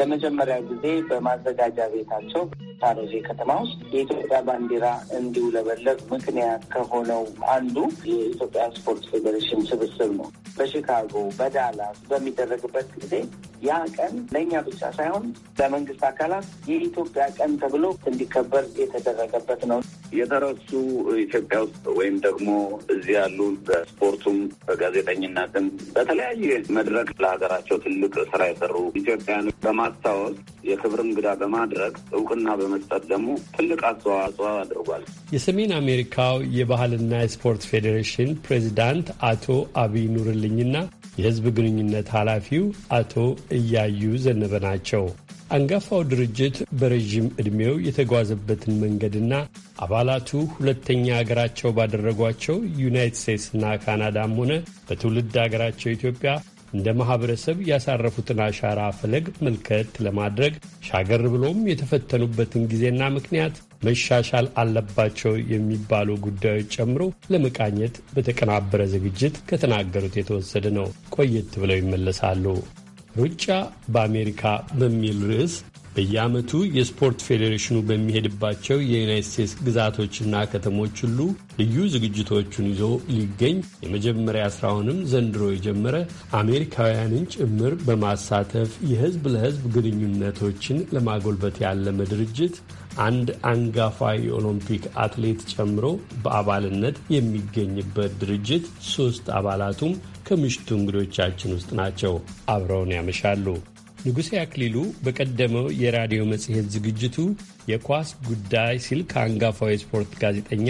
ለመጀመሪያ ጊዜ በማዘጋጃ ቤታቸው ሳሮሴ ከተማ ውስጥ የኢትዮጵያ ባንዲራ እንዲውለበለብ ምክንያት ከሆነው አንዱ የኢትዮጵያ ስፖርት ፌዴሬሽን ስብስብ ነው። በሺካጎ በዳላስ በሚደረግበት ጊዜ ያ ቀን ለእኛ ብቻ ሳይሆን ለመንግስት አካላት የኢትዮጵያ ቀን ተብሎ እንዲከበር የተደረገበት ነው። የተረሱ ኢትዮጵያ ውስጥ ወይም ደግሞ እዚህ ያሉ በስፖርቱም በጋዜጠኝነትም በተለያየ መድረክ ለሀገራቸው ትልቅ ስራ የሰሩ ኢትዮጵያን በማስታወስ የክብር እንግዳ በማድረግ እውቅና በ በመስጠት ደግሞ ትልቅ አስተዋጽኦ አድርጓል። የሰሜን አሜሪካው የባህልና የስፖርት ፌዴሬሽን ፕሬዚዳንት አቶ አብይ ኑርልኝና የህዝብ ግንኙነት ኃላፊው አቶ እያዩ ዘነበ ናቸው። አንጋፋው ድርጅት በረዥም ዕድሜው የተጓዘበትን መንገድና አባላቱ ሁለተኛ አገራቸው ባደረጓቸው ዩናይትድ ስቴትስና ካናዳም ሆነ በትውልድ አገራቸው ኢትዮጵያ እንደ ማህበረሰብ ያሳረፉትን አሻራ ፈለግ መልከት ለማድረግ ሻገር ብሎም የተፈተኑበትን ጊዜና ምክንያት መሻሻል አለባቸው የሚባሉ ጉዳዮች ጨምሮ ለመቃኘት በተቀናበረ ዝግጅት ከተናገሩት የተወሰደ ነው። ቆየት ብለው ይመለሳሉ። ሩጫ በአሜሪካ በሚል ርዕስ በየዓመቱ የስፖርት ፌዴሬሽኑ በሚሄድባቸው የዩናይት ስቴትስ ግዛቶችና ከተሞች ሁሉ ልዩ ዝግጅቶቹን ይዞ ሊገኝ የመጀመሪያ ስራውንም ዘንድሮ የጀመረ አሜሪካውያንን ጭምር በማሳተፍ የህዝብ ለህዝብ ግንኙነቶችን ለማጎልበት ያለመ ድርጅት አንድ አንጋፋ የኦሎምፒክ አትሌት ጨምሮ በአባልነት የሚገኝበት ድርጅት ሶስት አባላቱም ከምሽቱ እንግዶቻችን ውስጥ ናቸው። አብረውን ያመሻሉ። ንጉሴ አክሊሉ በቀደመው የራዲዮ መጽሔት ዝግጅቱ የኳስ ጉዳይ ሲል ከአንጋፋው የስፖርት ጋዜጠኛ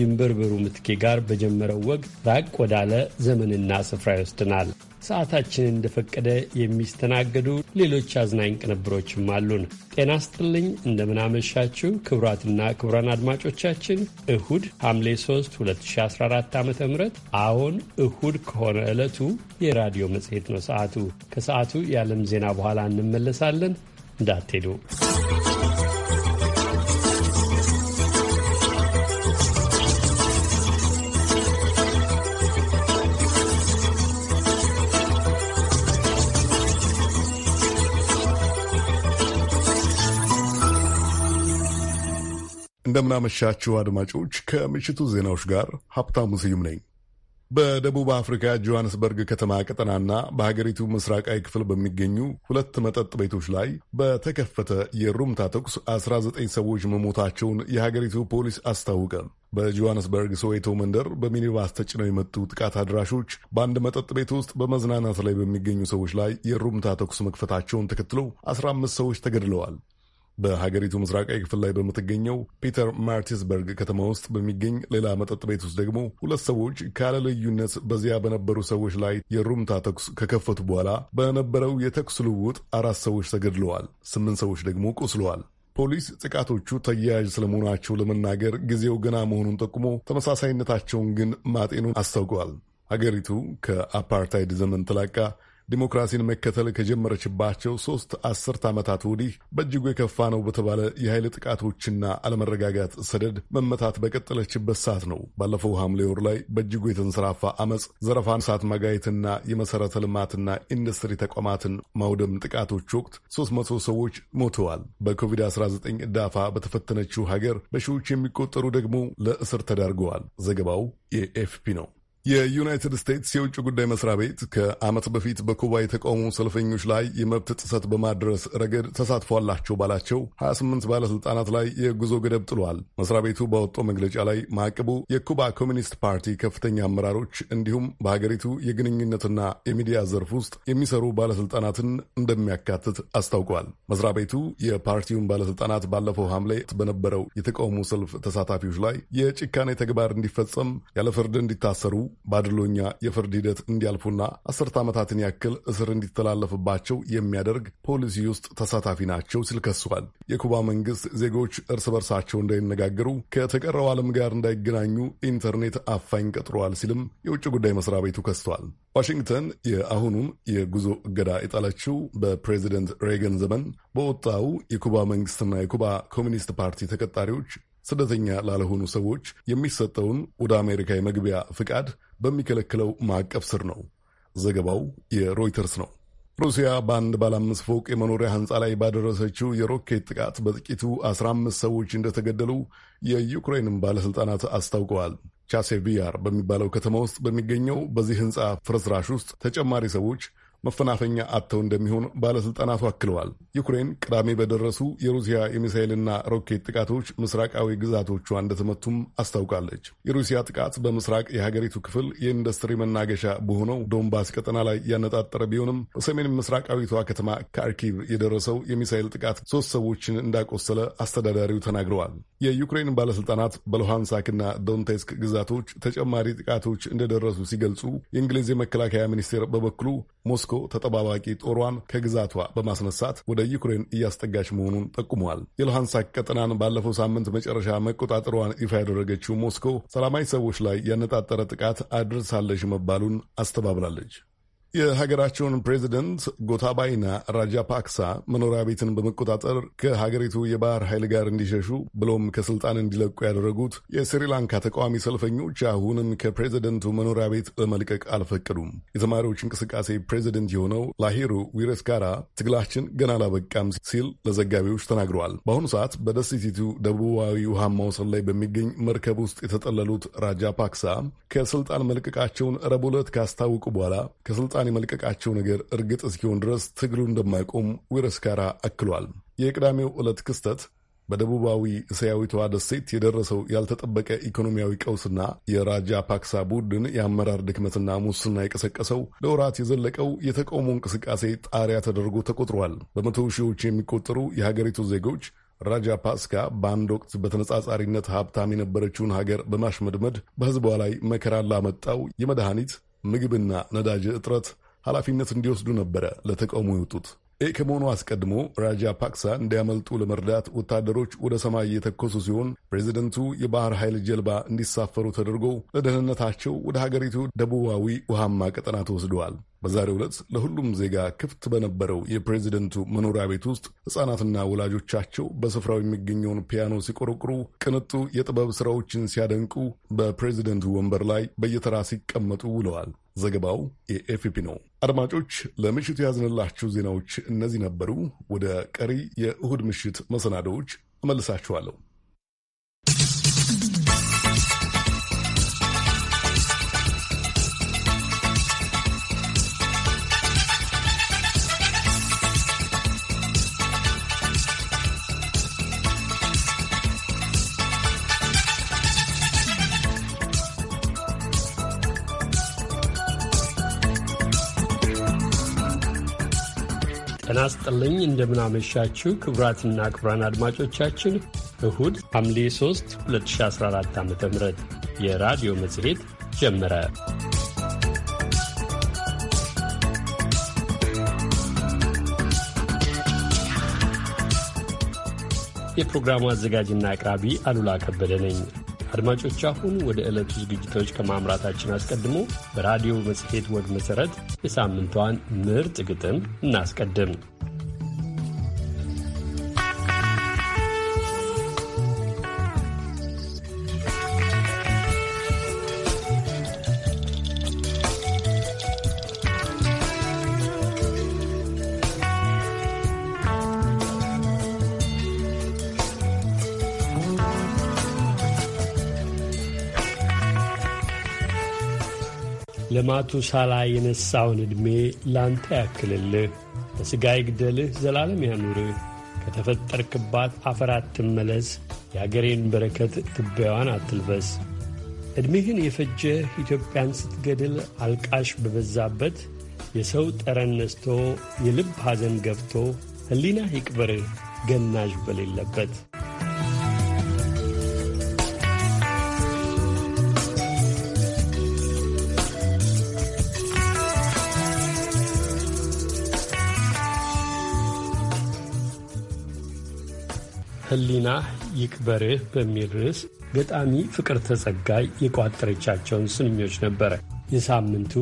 ይንበርበሩ ምትኬ ጋር በጀመረው ወግ ራቅ ወዳለ ዘመንና ስፍራ ይወስድናል። ሰዓታችንን እንደፈቀደ የሚስተናገዱ ሌሎች አዝናኝ ቅንብሮችም አሉን። ጤና ስጥልኝ፣ እንደምናመሻችሁ ክቡራትና ክቡራን አድማጮቻችን እሁድ ሐምሌ 3 2014 ዓ ም አዎን እሁድ ከሆነ ዕለቱ የራዲዮ መጽሔት ነው። ሰዓቱ ከሰዓቱ የዓለም ዜና በኋላ እንመለሳለን። እንዳትሄዱ። እንደምናመሻችሁ አድማጮች፣ ከምሽቱ ዜናዎች ጋር ሀብታሙ ስዩም ነኝ። በደቡብ አፍሪካ ጆሃንስበርግ ከተማ ቀጠናና በሀገሪቱ ምስራቃዊ ክፍል በሚገኙ ሁለት መጠጥ ቤቶች ላይ በተከፈተ የሩምታ ተኩስ 19 ሰዎች መሞታቸውን የሀገሪቱ ፖሊስ አስታወቀ። በጆሃንስበርግ ሶዌቶ መንደር በሚኒባስ ተጭነው የመጡ ጥቃት አድራሾች በአንድ መጠጥ ቤት ውስጥ በመዝናናት ላይ በሚገኙ ሰዎች ላይ የሩምታ ተኩስ መክፈታቸውን ተከትሎ 15 ሰዎች ተገድለዋል። በሀገሪቱ ምስራቃዊ ክፍል ላይ በምትገኘው ፒተር ማርቲስበርግ ከተማ ውስጥ በሚገኝ ሌላ መጠጥ ቤት ውስጥ ደግሞ ሁለት ሰዎች ካለ ልዩነት በዚያ በነበሩ ሰዎች ላይ የሩምታ ተኩስ ከከፈቱ በኋላ በነበረው የተኩስ ልውውጥ አራት ሰዎች ተገድለዋል፣ ስምንት ሰዎች ደግሞ ቆስለዋል። ፖሊስ ጥቃቶቹ ተያያዥ ስለመሆናቸው ለመናገር ጊዜው ገና መሆኑን ጠቁሞ ተመሳሳይነታቸውን ግን ማጤኑን አስታውቀዋል። ሀገሪቱ ከአፓርታይድ ዘመን ተላቃ ዲሞክራሲን መከተል ከጀመረችባቸው ሶስት አስርት ዓመታት ወዲህ በእጅጉ የከፋ ነው በተባለ የኃይል ጥቃቶችና አለመረጋጋት ሰደድ መመታት በቀጠለችበት ሰዓት ነው ባለፈው ሐምሌ ወር ላይ በእጅጉ የተንሰራፋ አመፅ፣ ዘረፋን፣ እሳት መጋየትና የመሠረተ ልማትና ኢንዱስትሪ ተቋማትን ማውደም ጥቃቶች ወቅት 300 ሰዎች ሞተዋል። በኮቪድ-19 እዳፋ በተፈተነችው ሀገር በሺዎች የሚቆጠሩ ደግሞ ለእስር ተዳርገዋል። ዘገባው የኤፍፒ ነው። የዩናይትድ ስቴትስ የውጭ ጉዳይ መስሪያ ቤት ከዓመት በፊት በኩባ የተቃውሞ ሰልፈኞች ላይ የመብት ጥሰት በማድረስ ረገድ ተሳትፏላቸው ባላቸው 28 ባለስልጣናት ላይ የጉዞ ገደብ ጥሏል። መስሪያ ቤቱ ባወጣው መግለጫ ላይ ማዕቀቡ የኩባ ኮሚኒስት ፓርቲ ከፍተኛ አመራሮች እንዲሁም በሀገሪቱ የግንኙነትና የሚዲያ ዘርፍ ውስጥ የሚሰሩ ባለስልጣናትን እንደሚያካትት አስታውቋል። መስሪያ ቤቱ የፓርቲውን ባለስልጣናት ባለፈው ሐምሌ በነበረው የተቃውሞ ሰልፍ ተሳታፊዎች ላይ የጭካኔ ተግባር እንዲፈጸም ያለ ፍርድ እንዲታሰሩ ባድሎኛ የፍርድ ሂደት እንዲያልፉና አስርት ዓመታትን ያክል እስር እንዲተላለፍባቸው የሚያደርግ ፖሊሲ ውስጥ ተሳታፊ ናቸው ሲል ከሷል። የኩባ መንግስት ዜጎች እርስ በርሳቸው እንዳይነጋገሩ፣ ከተቀረው ዓለም ጋር እንዳይገናኙ ኢንተርኔት አፋኝ ቀጥሯል ሲልም የውጭ ጉዳይ መስሪያ ቤቱ ከስቷል። ዋሽንግተን የአሁኑን የጉዞ እገዳ የጣለችው በፕሬዚደንት ሬገን ዘመን በወጣው የኩባ መንግስትና የኩባ ኮሚኒስት ፓርቲ ተቀጣሪዎች ስደተኛ ላልሆኑ ሰዎች የሚሰጠውን ወደ አሜሪካ የመግቢያ ፍቃድ በሚከለክለው ማዕቀፍ ስር ነው። ዘገባው የሮይተርስ ነው። ሩሲያ በአንድ ባለ አምስት ፎቅ የመኖሪያ ህንፃ ላይ ባደረሰችው የሮኬት ጥቃት በጥቂቱ 15 ሰዎች እንደተገደሉ የዩክሬንም ባለሥልጣናት አስታውቀዋል። ቻሴቪያር በሚባለው ከተማ ውስጥ በሚገኘው በዚህ ህንፃ ፍርስራሽ ውስጥ ተጨማሪ ሰዎች መፈናፈኛ አጥተው እንደሚሆን ባለሥልጣናቱ አክለዋል። ዩክሬን ቅዳሜ በደረሱ የሩሲያ የሚሳይልና ሮኬት ጥቃቶች ምስራቃዊ ግዛቶቿ እንደተመቱም አስታውቃለች። የሩሲያ ጥቃት በምስራቅ የሀገሪቱ ክፍል የኢንዱስትሪ መናገሻ በሆነው ዶንባስ ቀጠና ላይ ያነጣጠረ ቢሆንም በሰሜን ምስራቃዊቷ ከተማ ካርኪቭ የደረሰው የሚሳይል ጥቃት ሦስት ሰዎችን እንዳቆሰለ አስተዳዳሪው ተናግረዋል። የዩክሬን ባለሥልጣናት በሉሃንሳክና ዶንቴስክ ግዛቶች ተጨማሪ ጥቃቶች እንደደረሱ ሲገልጹ፣ የእንግሊዝ የመከላከያ ሚኒስቴር በበኩሉ ሞስ ሞስኮ ተጠባባቂ ጦሯን ከግዛቷ በማስነሳት ወደ ዩክሬን እያስጠጋች መሆኑን ጠቁመዋል። የሉሃንስክ ቀጠናን ባለፈው ሳምንት መጨረሻ መቆጣጠሯን ይፋ ያደረገችው ሞስኮ ሰላማዊ ሰዎች ላይ ያነጣጠረ ጥቃት አድርሳለች መባሉን አስተባብላለች። የሀገራቸውን ፕሬዚደንት ጎታባይና ራጃ ፓክሳ መኖሪያ ቤትን በመቆጣጠር ከሀገሪቱ የባህር ኃይል ጋር እንዲሸሹ ብሎም ከስልጣን እንዲለቁ ያደረጉት የስሪላንካ ተቃዋሚ ሰልፈኞች አሁንም ከፕሬዚደንቱ መኖሪያ ቤት ለመልቀቅ አልፈቀዱም። የተማሪዎች እንቅስቃሴ ፕሬዚደንት የሆነው ላሂሩ ዊረስካራ ትግላችን ገና አላበቃም ሲል ለዘጋቢዎች ተናግረዋል። በአሁኑ ሰዓት በደሴቲቱ ደቡባዊ ውሃማ ወሰን ላይ በሚገኝ መርከብ ውስጥ የተጠለሉት ራጃ ፓክሳ ከስልጣን መልቀቃቸውን ረቡዕ ዕለት ካስታወቁ በኋላ ከስልጣን ስልጣን የመልቀቃቸው ነገር እርግጥ እስኪሆን ድረስ ትግሉ እንደማይቆም ዊረስካራ አክሏል። የቅዳሜው ዕለት ክስተት በደቡባዊ እስያዊቷ ደሴት የደረሰው ያልተጠበቀ ኢኮኖሚያዊ ቀውስና የራጃ ፓክሳ ቡድን የአመራር ድክመትና ሙስና የቀሰቀሰው ለወራት የዘለቀው የተቃውሞ እንቅስቃሴ ጣሪያ ተደርጎ ተቆጥሯል። በመቶ ሺዎች የሚቆጠሩ የሀገሪቱ ዜጎች ራጃ ፓስካ በአንድ ወቅት በተነጻጻሪነት ሀብታም የነበረችውን ሀገር በማሽመድመድ በሕዝቧ ላይ መከራ ላመጣው የመድኃኒት ምግብና ነዳጅ እጥረት ኃላፊነት እንዲወስዱ ነበረ ለተቃውሞ የወጡት። ይህ ከመሆኑ አስቀድሞ ራጃ ፓክሳ እንዲያመልጡ ለመርዳት ወታደሮች ወደ ሰማይ እየተኮሱ ሲሆን ፕሬዚደንቱ የባህር ኃይል ጀልባ እንዲሳፈሩ ተደርጎ ለደህንነታቸው ወደ ሀገሪቱ ደቡባዊ ውሃማ ቀጠና ተወስደዋል። በዛሬው ዕለት ለሁሉም ዜጋ ክፍት በነበረው የፕሬዚደንቱ መኖሪያ ቤት ውስጥ ሕጻናትና ወላጆቻቸው በስፍራው የሚገኘውን ፒያኖ ሲቆረቁሩ፣ ቅንጡ የጥበብ ሥራዎችን ሲያደንቁ፣ በፕሬዚደንቱ ወንበር ላይ በየተራ ሲቀመጡ ውለዋል። ዘገባው የኤፍፒ ነው። አድማጮች፣ ለምሽቱ ያዝንላችሁ ዜናዎች እነዚህ ነበሩ። ወደ ቀሪ የእሁድ ምሽት መሰናዶዎች እመልሳችኋለሁ። ጤና ስጥልኝ እንደምናመሻችሁ ክቡራትና ክቡራን አድማጮቻችን እሁድ ሐምሌ 3 2014 ዓ ም የራዲዮ መጽሔት ጀመረ። የፕሮግራሙ አዘጋጅና አቅራቢ አሉላ ከበደ ነኝ። አድማጮች አሁን ወደ ዕለቱ ዝግጅቶች ከማምራታችን አስቀድሞ በራዲዮ መጽሔት ወግ መሠረት የሳምንቷን ምርጥ ግጥም እናስቀድም። ለማቱ ሳላ የነሳውን ዕድሜ ላንተ ያክልልህ፣ ለሥጋ ይግደልህ፣ ዘላለም ያኑርህ፣ ከተፈጠርክባት አፈር አትመለስ፣ የአገሬን በረከት ትቢያዋን አትልበስ። ዕድሜህን የፈጀህ ኢትዮጵያን ስትገድል አልቃሽ በበዛበት የሰው ጠረን ነስቶ የልብ ሐዘን ገብቶ ሕሊናህ ይቅበርህ ገናዥ በሌለበት ህሊና ይቅበርህ በሚል ርዕስ ገጣሚ ፍቅር ተጸጋይ የቋጠረቻቸውን ስንኞች ነበረ የሳምንቱ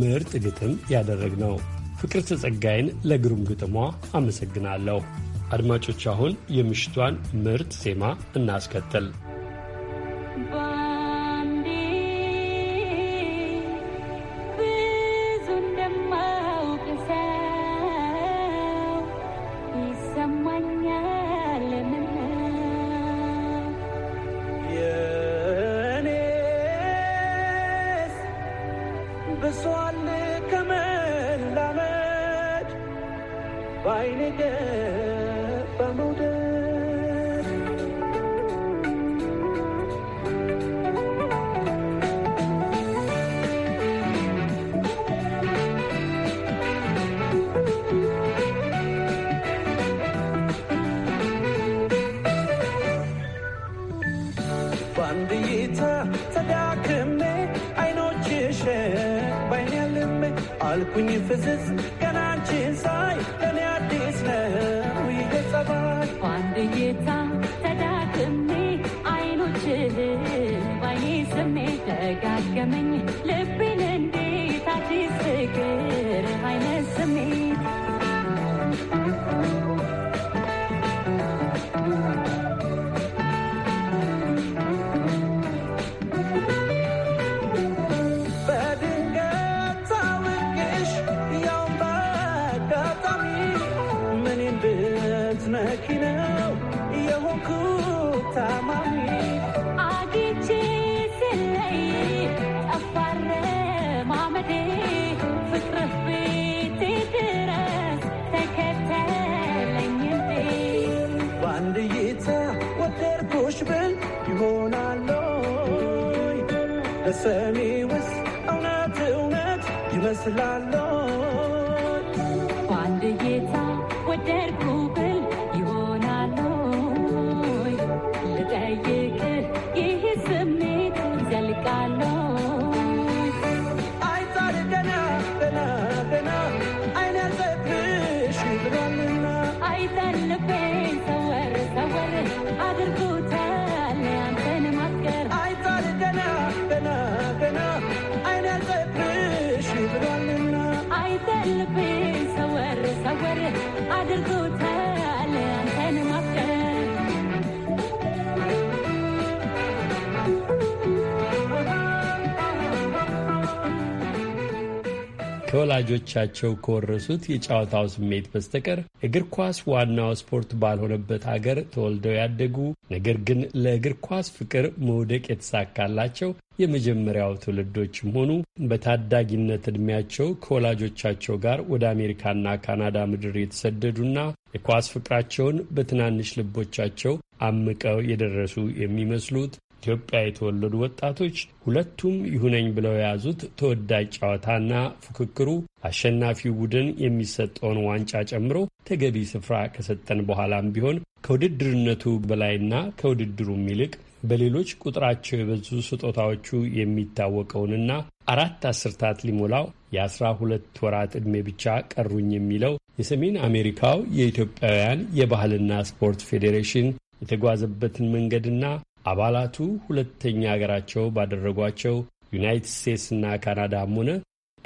ምርጥ ግጥም ያደረግ ነው። ፍቅር ተጸጋይን ለግሩም ግጥሟ አመሰግናለሁ። አድማጮች አሁን የምሽቷን ምርጥ ዜማ እናስከትል። በአንድ እይታ ተዳክሜ አይኖችሽ ባይኔ ልሜ አልኩኝ ፍዝዝ አድርጎታል። ከወላጆቻቸው ከወረሱት የጨዋታው ስሜት በስተቀር እግር ኳስ ዋናው ስፖርት ባልሆነበት አገር ተወልደው ያደጉ ነገር ግን ለእግር ኳስ ፍቅር መውደቅ የተሳካላቸው የመጀመሪያው ትውልዶችም ሆኑ በታዳጊነት ዕድሜያቸው ከወላጆቻቸው ጋር ወደ አሜሪካና ካናዳ ምድር የተሰደዱና የኳስ ፍቅራቸውን በትናንሽ ልቦቻቸው አምቀው የደረሱ የሚመስሉት ኢትዮጵያ የተወለዱ ወጣቶች ሁለቱም ይሁነኝ ብለው የያዙት ተወዳጅ ጨዋታና ፉክክሩ አሸናፊው ቡድን የሚሰጠውን ዋንጫ ጨምሮ ተገቢ ስፍራ ከሰጠን በኋላም ቢሆን ከውድድርነቱ በላይና ከውድድሩም ይልቅ በሌሎች ቁጥራቸው የበዙ ስጦታዎቹ የሚታወቀውንና አራት አስርታት ሊሞላው የአስራ ሁለት ወራት ዕድሜ ብቻ ቀሩኝ የሚለው የሰሜን አሜሪካው የኢትዮጵያውያን የባህልና ስፖርት ፌዴሬሽን የተጓዘበትን መንገድና አባላቱ ሁለተኛ አገራቸው ባደረጓቸው ዩናይትድ ስቴትስና ካናዳም ሆነ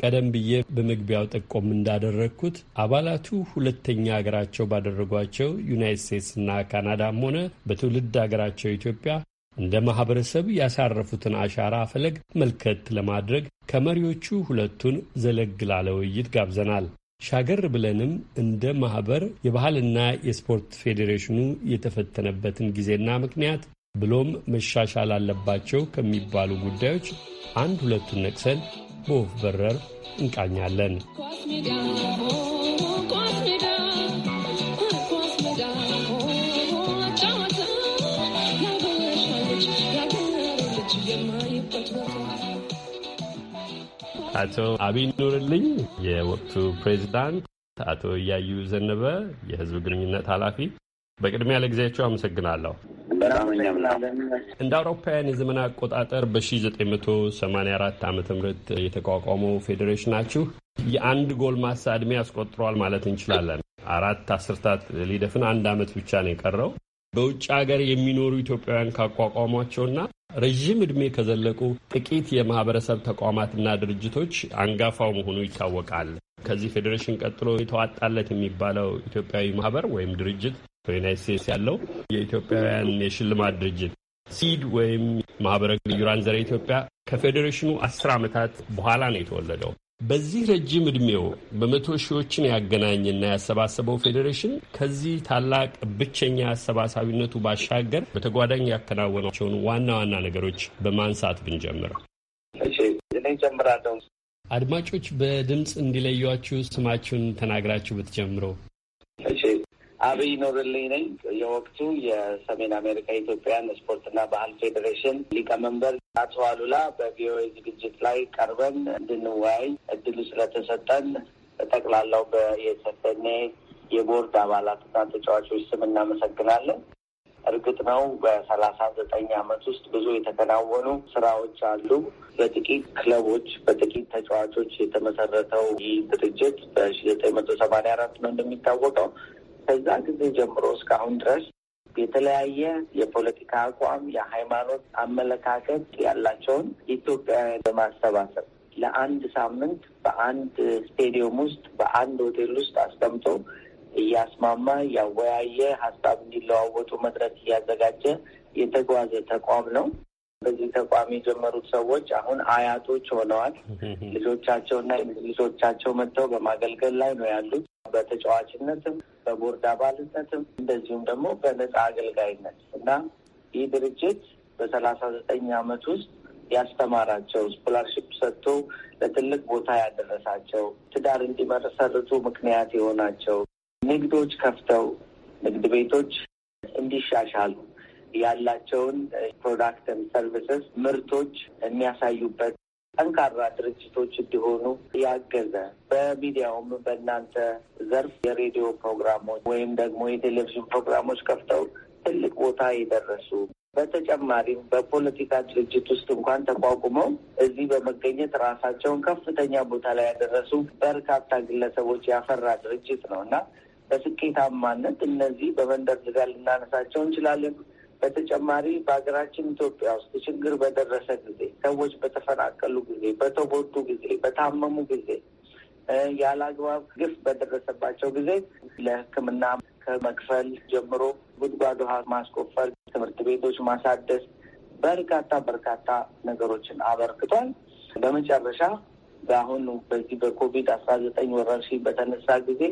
ቀደም ብዬ በመግቢያው ጠቆም እንዳደረግኩት አባላቱ ሁለተኛ አገራቸው ባደረጓቸው ዩናይትድ ስቴትስና ካናዳም ሆነ በትውልድ አገራቸው ኢትዮጵያ እንደ ማህበረሰብ ያሳረፉትን አሻራ ፈለግ መልከት ለማድረግ ከመሪዎቹ ሁለቱን ዘለግ ላለ ውይይት ጋብዘናል። ሻገር ብለንም እንደ ማኅበር የባህልና የስፖርት ፌዴሬሽኑ የተፈተነበትን ጊዜና ምክንያት ብሎም መሻሻል አለባቸው ከሚባሉ ጉዳዮች አንድ ሁለቱን ነቅሰን በወፍ በረር እንቃኛለን። አቶ አብይ ኑርልኝ የወቅቱ ፕሬዚዳንት፣ አቶ እያዩ ዘነበ የህዝብ ግንኙነት ኃላፊ፣ በቅድሚያ ለጊዜያቸው አመሰግናለሁ። በጣም እኛም እንደ አውሮፓውያን የዘመን አቆጣጠር በ1984 ዓ ም የተቋቋመው ናችሁ የአንድ ጎልማሳ እድሜ ያስቆጥሯል ማለት እንችላለን። አራት አስርታት ሊደፍን አንድ ዓመት ብቻ ነው የቀረው። በውጭ ሀገር የሚኖሩ ኢትዮጵያውያን ካቋቋሟቸውና ረዥም እድሜ ከዘለቁ ጥቂት የማህበረሰብ ተቋማትና ድርጅቶች አንጋፋው መሆኑ ይታወቃል። ከዚህ ፌዴሬሽን ቀጥሎ የተዋጣለት የሚባለው ኢትዮጵያዊ ማህበር ወይም ድርጅት በዩናይት ስቴትስ ያለው የኢትዮጵያውያን የሽልማት ድርጅት ሲድ ወይም ማህበረ ግዩራን ዘረ ኢትዮጵያ ከፌዴሬሽኑ አስር ዓመታት በኋላ ነው የተወለደው። በዚህ ረጅም ዕድሜው በመቶ ሺዎችን ያገናኝና ያሰባሰበው ፌዴሬሽን ከዚህ ታላቅ ብቸኛ አሰባሳቢነቱ ባሻገር በተጓዳኝ ያከናወናቸውን ዋና ዋና ነገሮች በማንሳት ብንጀምር። ጀምራለሁ። አድማጮች በድምፅ እንዲለዩችሁ ስማችሁን ተናግራችሁ ብትጀምረው። እሺ አብይ ኖርልኝ ነኝ የወቅቱ የሰሜን አሜሪካ ኢትዮጵያን ስፖርትና ባህል ፌዴሬሽን ሊቀመንበር አቶ አሉላ በቪኦኤ ዝግጅት ላይ ቀርበን እንድንወያይ እድሉ ስለተሰጠን ጠቅላላው የሰፈኔ የቦርድ አባላትና ተጫዋቾች ስም እናመሰግናለን። እርግጥ ነው በሰላሳ ዘጠኝ ዓመት ውስጥ ብዙ የተከናወኑ ስራዎች አሉ። በጥቂት ክለቦች በጥቂት ተጫዋቾች የተመሰረተው ይህ ድርጅት በሺ ዘጠኝ መቶ ሰማኒያ አራት ነው እንደሚታወቀው ከዛ ጊዜ ጀምሮ እስካሁን ድረስ የተለያየ የፖለቲካ አቋም፣ የሃይማኖት አመለካከት ያላቸውን ኢትዮጵያውያን በማሰባሰብ ለአንድ ሳምንት በአንድ ስቴዲየም ውስጥ በአንድ ሆቴል ውስጥ አስቀምጦ እያስማማ እያወያየ ሀሳብ እንዲለዋወጡ መድረክ እያዘጋጀ የተጓዘ ተቋም ነው። በዚህ ተቋም የጀመሩት ሰዎች አሁን አያቶች ሆነዋል። ልጆቻቸውና ልጆቻቸው መጥተው በማገልገል ላይ ነው ያሉት። በተጫዋችነትም በቦርድ አባልነትም እንደዚሁም ደግሞ በነፃ አገልጋይነት እና ይህ ድርጅት በሰላሳ ዘጠኝ ዓመት ውስጥ ያስተማራቸው ስኮላርሽፕ ሰጥቶ ለትልቅ ቦታ ያደረሳቸው ትዳር እንዲመሰርቱ ምክንያት የሆናቸው ንግዶች ከፍተው ንግድ ቤቶች እንዲሻሻሉ ያላቸውን ፕሮዳክትን ሰርቪስስ ምርቶች የሚያሳዩበት ጠንካራ ድርጅቶች እንዲሆኑ ያገዘ በሚዲያውም በእናንተ ዘርፍ የሬዲዮ ፕሮግራሞች ወይም ደግሞ የቴሌቪዥን ፕሮግራሞች ከፍተው ትልቅ ቦታ የደረሱ በተጨማሪም በፖለቲካ ድርጅት ውስጥ እንኳን ተቋቁመው እዚህ በመገኘት ራሳቸውን ከፍተኛ ቦታ ላይ ያደረሱ በርካታ ግለሰቦች ያፈራ ድርጅት ነው እና በስኬታማነት እነዚህ በመንደርደሪያ ልናነሳቸው እንችላለን። በተጨማሪ በሀገራችን ኢትዮጵያ ውስጥ ችግር በደረሰ ጊዜ፣ ሰዎች በተፈናቀሉ ጊዜ፣ በተጎዱ ጊዜ፣ በታመሙ ጊዜ፣ ያለ አግባብ ግፍ በደረሰባቸው ጊዜ ለሕክምና ከመክፈል ጀምሮ ጉድጓድ ውሃ ማስቆፈር፣ ትምህርት ቤቶች ማሳደስ፣ በርካታ በርካታ ነገሮችን አበርክቷል። በመጨረሻ በአሁኑ በዚህ በኮቪድ አስራ ዘጠኝ ወረርሽኝ በተነሳ ጊዜ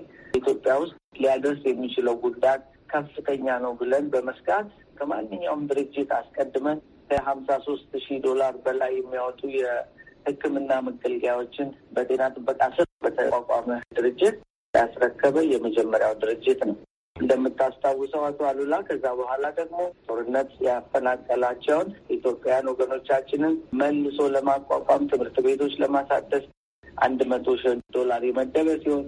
ኢትዮጵያ ውስጥ ሊያደርስ የሚችለው ጉዳት ከፍተኛ ነው ብለን በመስጋት ከማንኛውም ድርጅት አስቀድመን ከሀምሳ ሶስት ሺህ ዶላር በላይ የሚያወጡ የሕክምና መገልገያዎችን በጤና ጥበቃ ስር በተቋቋመ ድርጅት ያስረከበ የመጀመሪያው ድርጅት ነው። እንደምታስታውሰው አቶ አሉላ፣ ከዛ በኋላ ደግሞ ጦርነት ያፈናቀላቸውን ኢትዮጵያውያን ወገኖቻችንን መልሶ ለማቋቋም ትምህርት ቤቶች ለማሳደስ አንድ መቶ ሺህ ዶላር የመደበ ሲሆን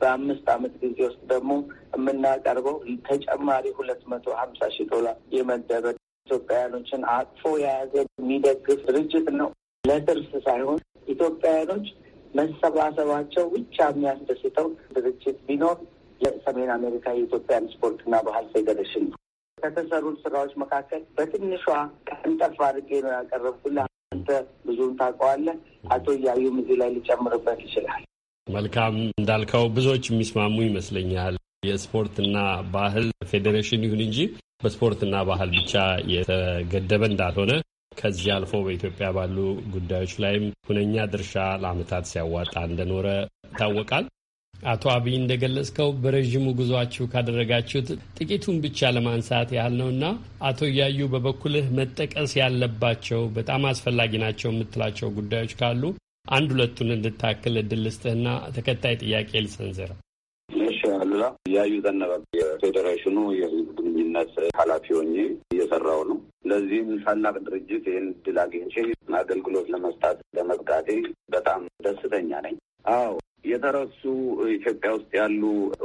በአምስት አመት ጊዜ ውስጥ ደግሞ የምናቀርበው ተጨማሪ ሁለት መቶ ሀምሳ ሺህ ዶላር የመደበ ኢትዮጵያውያኖችን አቅፎ የያዘ የሚደግፍ ድርጅት ነው። ለትርፍ ሳይሆን ኢትዮጵያውያኖች መሰባሰባቸው ብቻ የሚያስደስተው ድርጅት ቢኖር የሰሜን አሜሪካ የኢትዮጵያን ስፖርትና ባህል ፌዴሬሽን ነው። ከተሰሩት ስራዎች መካከል በትንሿ ቀንጠፍ አድርጌ ነው ያቀረብኩልህ። አንተ ብዙም ታውቀዋለህ። አቶ እያዩም እዚህ ላይ ሊጨምርበት ይችላል። መልካም እንዳልከው ብዙዎች የሚስማሙ ይመስለኛል። የስፖርትና ባህል ፌዴሬሽን ይሁን እንጂ በስፖርትና ባህል ብቻ የተገደበ እንዳልሆነ ከዚህ አልፎ በኢትዮጵያ ባሉ ጉዳዮች ላይም ሁነኛ ድርሻ ለዓመታት ሲያዋጣ እንደኖረ ይታወቃል። አቶ አብይ እንደገለጽከው በረዥሙ ጉዟችሁ ካደረጋችሁት ጥቂቱን ብቻ ለማንሳት ያህል ነውና አቶ እያዩ በበኩልህ መጠቀስ ያለባቸው በጣም አስፈላጊ ናቸው የምትላቸው ጉዳዮች ካሉ አንድ ሁለቱን እንድታክል እድል ልስጥህና ተከታይ ጥያቄ ልሰንዝር። አሉላ ያዩ ዘነበ የፌዴሬሽኑ የህዝብ ግንኙነት ኃላፊ ሆኜ እየሰራው ነው። ለዚህም ታላቅ ድርጅት ይህን እድል አግኝቼ አገልግሎት ለመስጣት ለመብቃቴ በጣም ደስተኛ ነኝ። አዎ የተረሱ ኢትዮጵያ ውስጥ ያሉ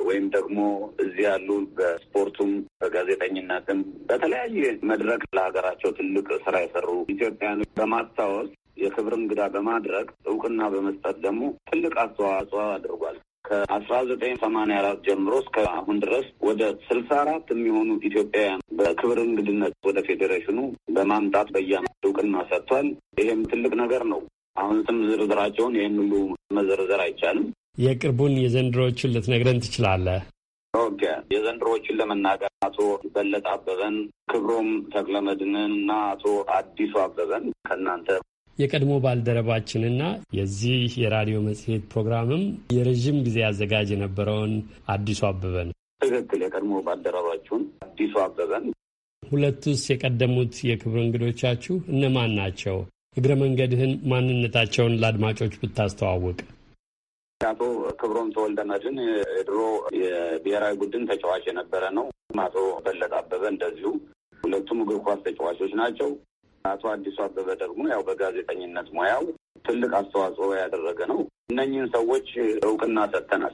ወይም ደግሞ እዚህ ያሉ በስፖርቱም በጋዜጠኝነትም በተለያየ መድረክ ለሀገራቸው ትልቅ ስራ የሰሩ ኢትዮጵያን በማስታወስ የክብር እንግዳ በማድረግ እውቅና በመስጠት ደግሞ ትልቅ አስተዋጽኦ አድርጓል። ከአስራ ዘጠኝ ሰማንያ አራት ጀምሮ እስከ አሁን ድረስ ወደ ስልሳ አራት የሚሆኑ ኢትዮጵያውያን በክብር እንግድነት ወደ ፌዴሬሽኑ በማምጣት በየዓመቱ እውቅና ሰጥቷል። ይሄም ትልቅ ነገር ነው። አሁን ስም ዝርዝራቸውን ይህን ሁሉ መዘርዘር አይቻልም። የቅርቡን የዘንድሮዎቹን ልትነግረን ትችላለህ? ኦኬ የዘንድሮዎቹን ለመናገር አቶ በለጠ አበበን፣ ክብሮም ተክለመድንን እና አቶ አዲሱ አበበን ከእናንተ የቀድሞ ባልደረባችንና የዚህ የራዲዮ መጽሔት ፕሮግራምም የረዥም ጊዜ አዘጋጅ የነበረውን አዲሱ አበበን ትክክል፣ የቀድሞ ባልደረባችሁን አዲሱ አበበን። ሁለቱስ የቀደሙት የክብር እንግዶቻችሁ እነማን ናቸው? እግረ መንገድህን ማንነታቸውን ለአድማጮች ብታስተዋውቅ። አቶ ክብሮም ተወልደ መድን የድሮ የብሔራዊ ቡድን ተጫዋች የነበረ ነው። አቶ በለጠ አበበ እንደዚሁ ሁለቱም እግር ኳስ ተጫዋቾች ናቸው። አቶ አዲሱ አበበ ደግሞ ያው በጋዜጠኝነት ሙያው ትልቅ አስተዋጽኦ ያደረገ ነው። እነኚህን ሰዎች እውቅና ሰጥተናል።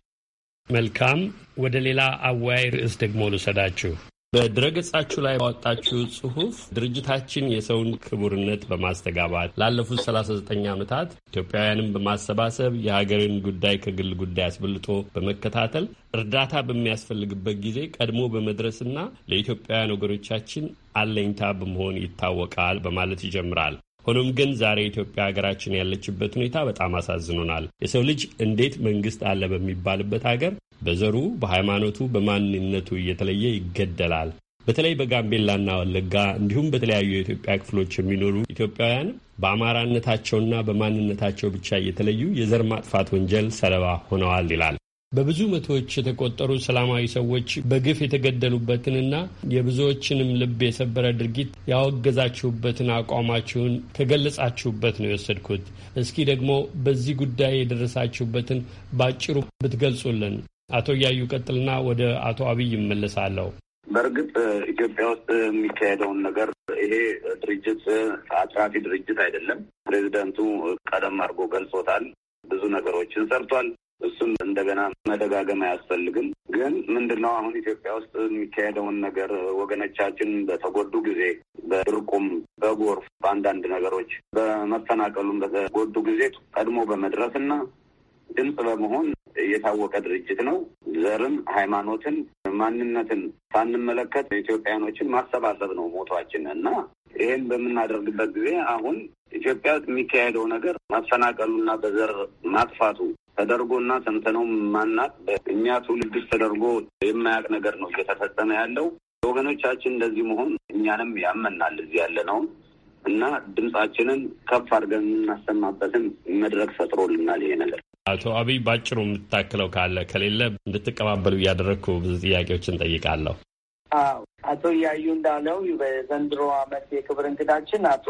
መልካም። ወደ ሌላ አወያይ ርዕስ ደግሞ ልውሰዳችሁ። በድረገጻችሁ ላይ ባወጣችሁ ጽሁፍ ድርጅታችን የሰውን ክቡርነት በማስተጋባት ላለፉት 39 ዓመታት ኢትዮጵያውያንን በማሰባሰብ የሀገርን ጉዳይ ከግል ጉዳይ አስበልጦ በመከታተል እርዳታ በሚያስፈልግበት ጊዜ ቀድሞ በመድረስና ለኢትዮጵያውያን ወገኖቻችን አለኝታ በመሆን ይታወቃል በማለት ይጀምራል። ሆኖም ግን ዛሬ ኢትዮጵያ ሀገራችን ያለችበት ሁኔታ በጣም አሳዝኖናል። የሰው ልጅ እንዴት መንግስት አለ በሚባልበት ሀገር በዘሩ፣ በሃይማኖቱ፣ በማንነቱ እየተለየ ይገደላል። በተለይ በጋምቤላና ወለጋ እንዲሁም በተለያዩ የኢትዮጵያ ክፍሎች የሚኖሩ ኢትዮጵያውያን በአማራነታቸውና በማንነታቸው ብቻ እየተለዩ የዘር ማጥፋት ወንጀል ሰለባ ሆነዋል ይላል። በብዙ መቶዎች የተቆጠሩ ሰላማዊ ሰዎች በግፍ የተገደሉበትንና የብዙዎችንም ልብ የሰበረ ድርጊት ያወገዛችሁበትን አቋማችሁን ከገለጻችሁበት ነው የወሰድኩት። እስኪ ደግሞ በዚህ ጉዳይ የደረሳችሁበትን ባጭሩ ብትገልጹልን። አቶ እያዩ ቀጥልና ወደ አቶ አብይ እመለሳለሁ። በእርግጥ ኢትዮጵያ ውስጥ የሚካሄደውን ነገር ይሄ ድርጅት አትራፊ ድርጅት አይደለም። ፕሬዚደንቱ ቀደም አድርጎ ገልጾታል። ብዙ ነገሮችን ሰርቷል። እሱም እንደገና መደጋገም አያስፈልግም። ግን ምንድነው አሁን ኢትዮጵያ ውስጥ የሚካሄደውን ነገር ወገኖቻችን በተጎዱ ጊዜ፣ በድርቁም፣ በጎርፍ፣ በአንዳንድ ነገሮች በመፈናቀሉም በተጎዱ ጊዜ ቀድሞ በመድረስ እና ድምፅ በመሆን የታወቀ ድርጅት ነው። ዘርም ሃይማኖትን፣ ማንነትን ሳንመለከት ኢትዮጵያኖችን ማሰባሰብ ነው ሞቷችን እና ይህን በምናደርግበት ጊዜ አሁን ኢትዮጵያ የሚካሄደው ነገር ማፈናቀሉና በዘር ማጥፋቱ ተደርጎና ሰምተነው ማናት በእኛ ትውልድ ውስጥ ተደርጎ የማያውቅ ነገር ነው እየተፈጸመ ያለው። ወገኖቻችን እንደዚህ መሆን እኛንም ያመናል እዚህ ያለ ነው እና ድምጻችንን ከፍ አድርገን የምናሰማበትን መድረክ ፈጥሮልናል ይሄ ነገር። አቶ አብይ ባጭሩ የምታክለው ካለ ከሌለ እንድትቀባበሉ እያደረግኩ ብዙ ጥያቄዎችን ጠይቃለሁ። አዎ አቶ እያዩ እንዳለው በዘንድሮ ዓመት የክብር እንግዳችን አቶ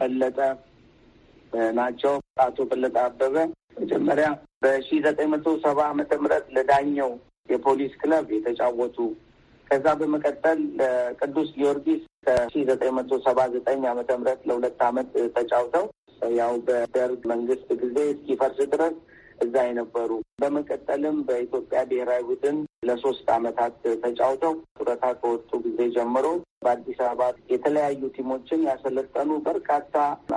በለጠ ናቸው። አቶ በለጠ አበበ መጀመሪያ በሺ ዘጠኝ መቶ ሰባ ዓመተ ምህረት ለዳኘው የፖሊስ ክለብ የተጫወቱ ከዛ በመቀጠል ለቅዱስ ጊዮርጊስ ከሺ ዘጠኝ መቶ ሰባ ዘጠኝ ዓመተ ምህረት ለሁለት ዓመት ተጫውተው ያው በደርግ መንግስት ጊዜ እስኪፈርስ ድረስ እዛ የነበሩ በመቀጠልም በኢትዮጵያ ብሔራዊ ቡድን ለሶስት አመታት ተጫውተው ጡረታ ከወጡ ጊዜ ጀምሮ በአዲስ አበባ የተለያዩ ቲሞችን ያሰለጠኑ በርካታ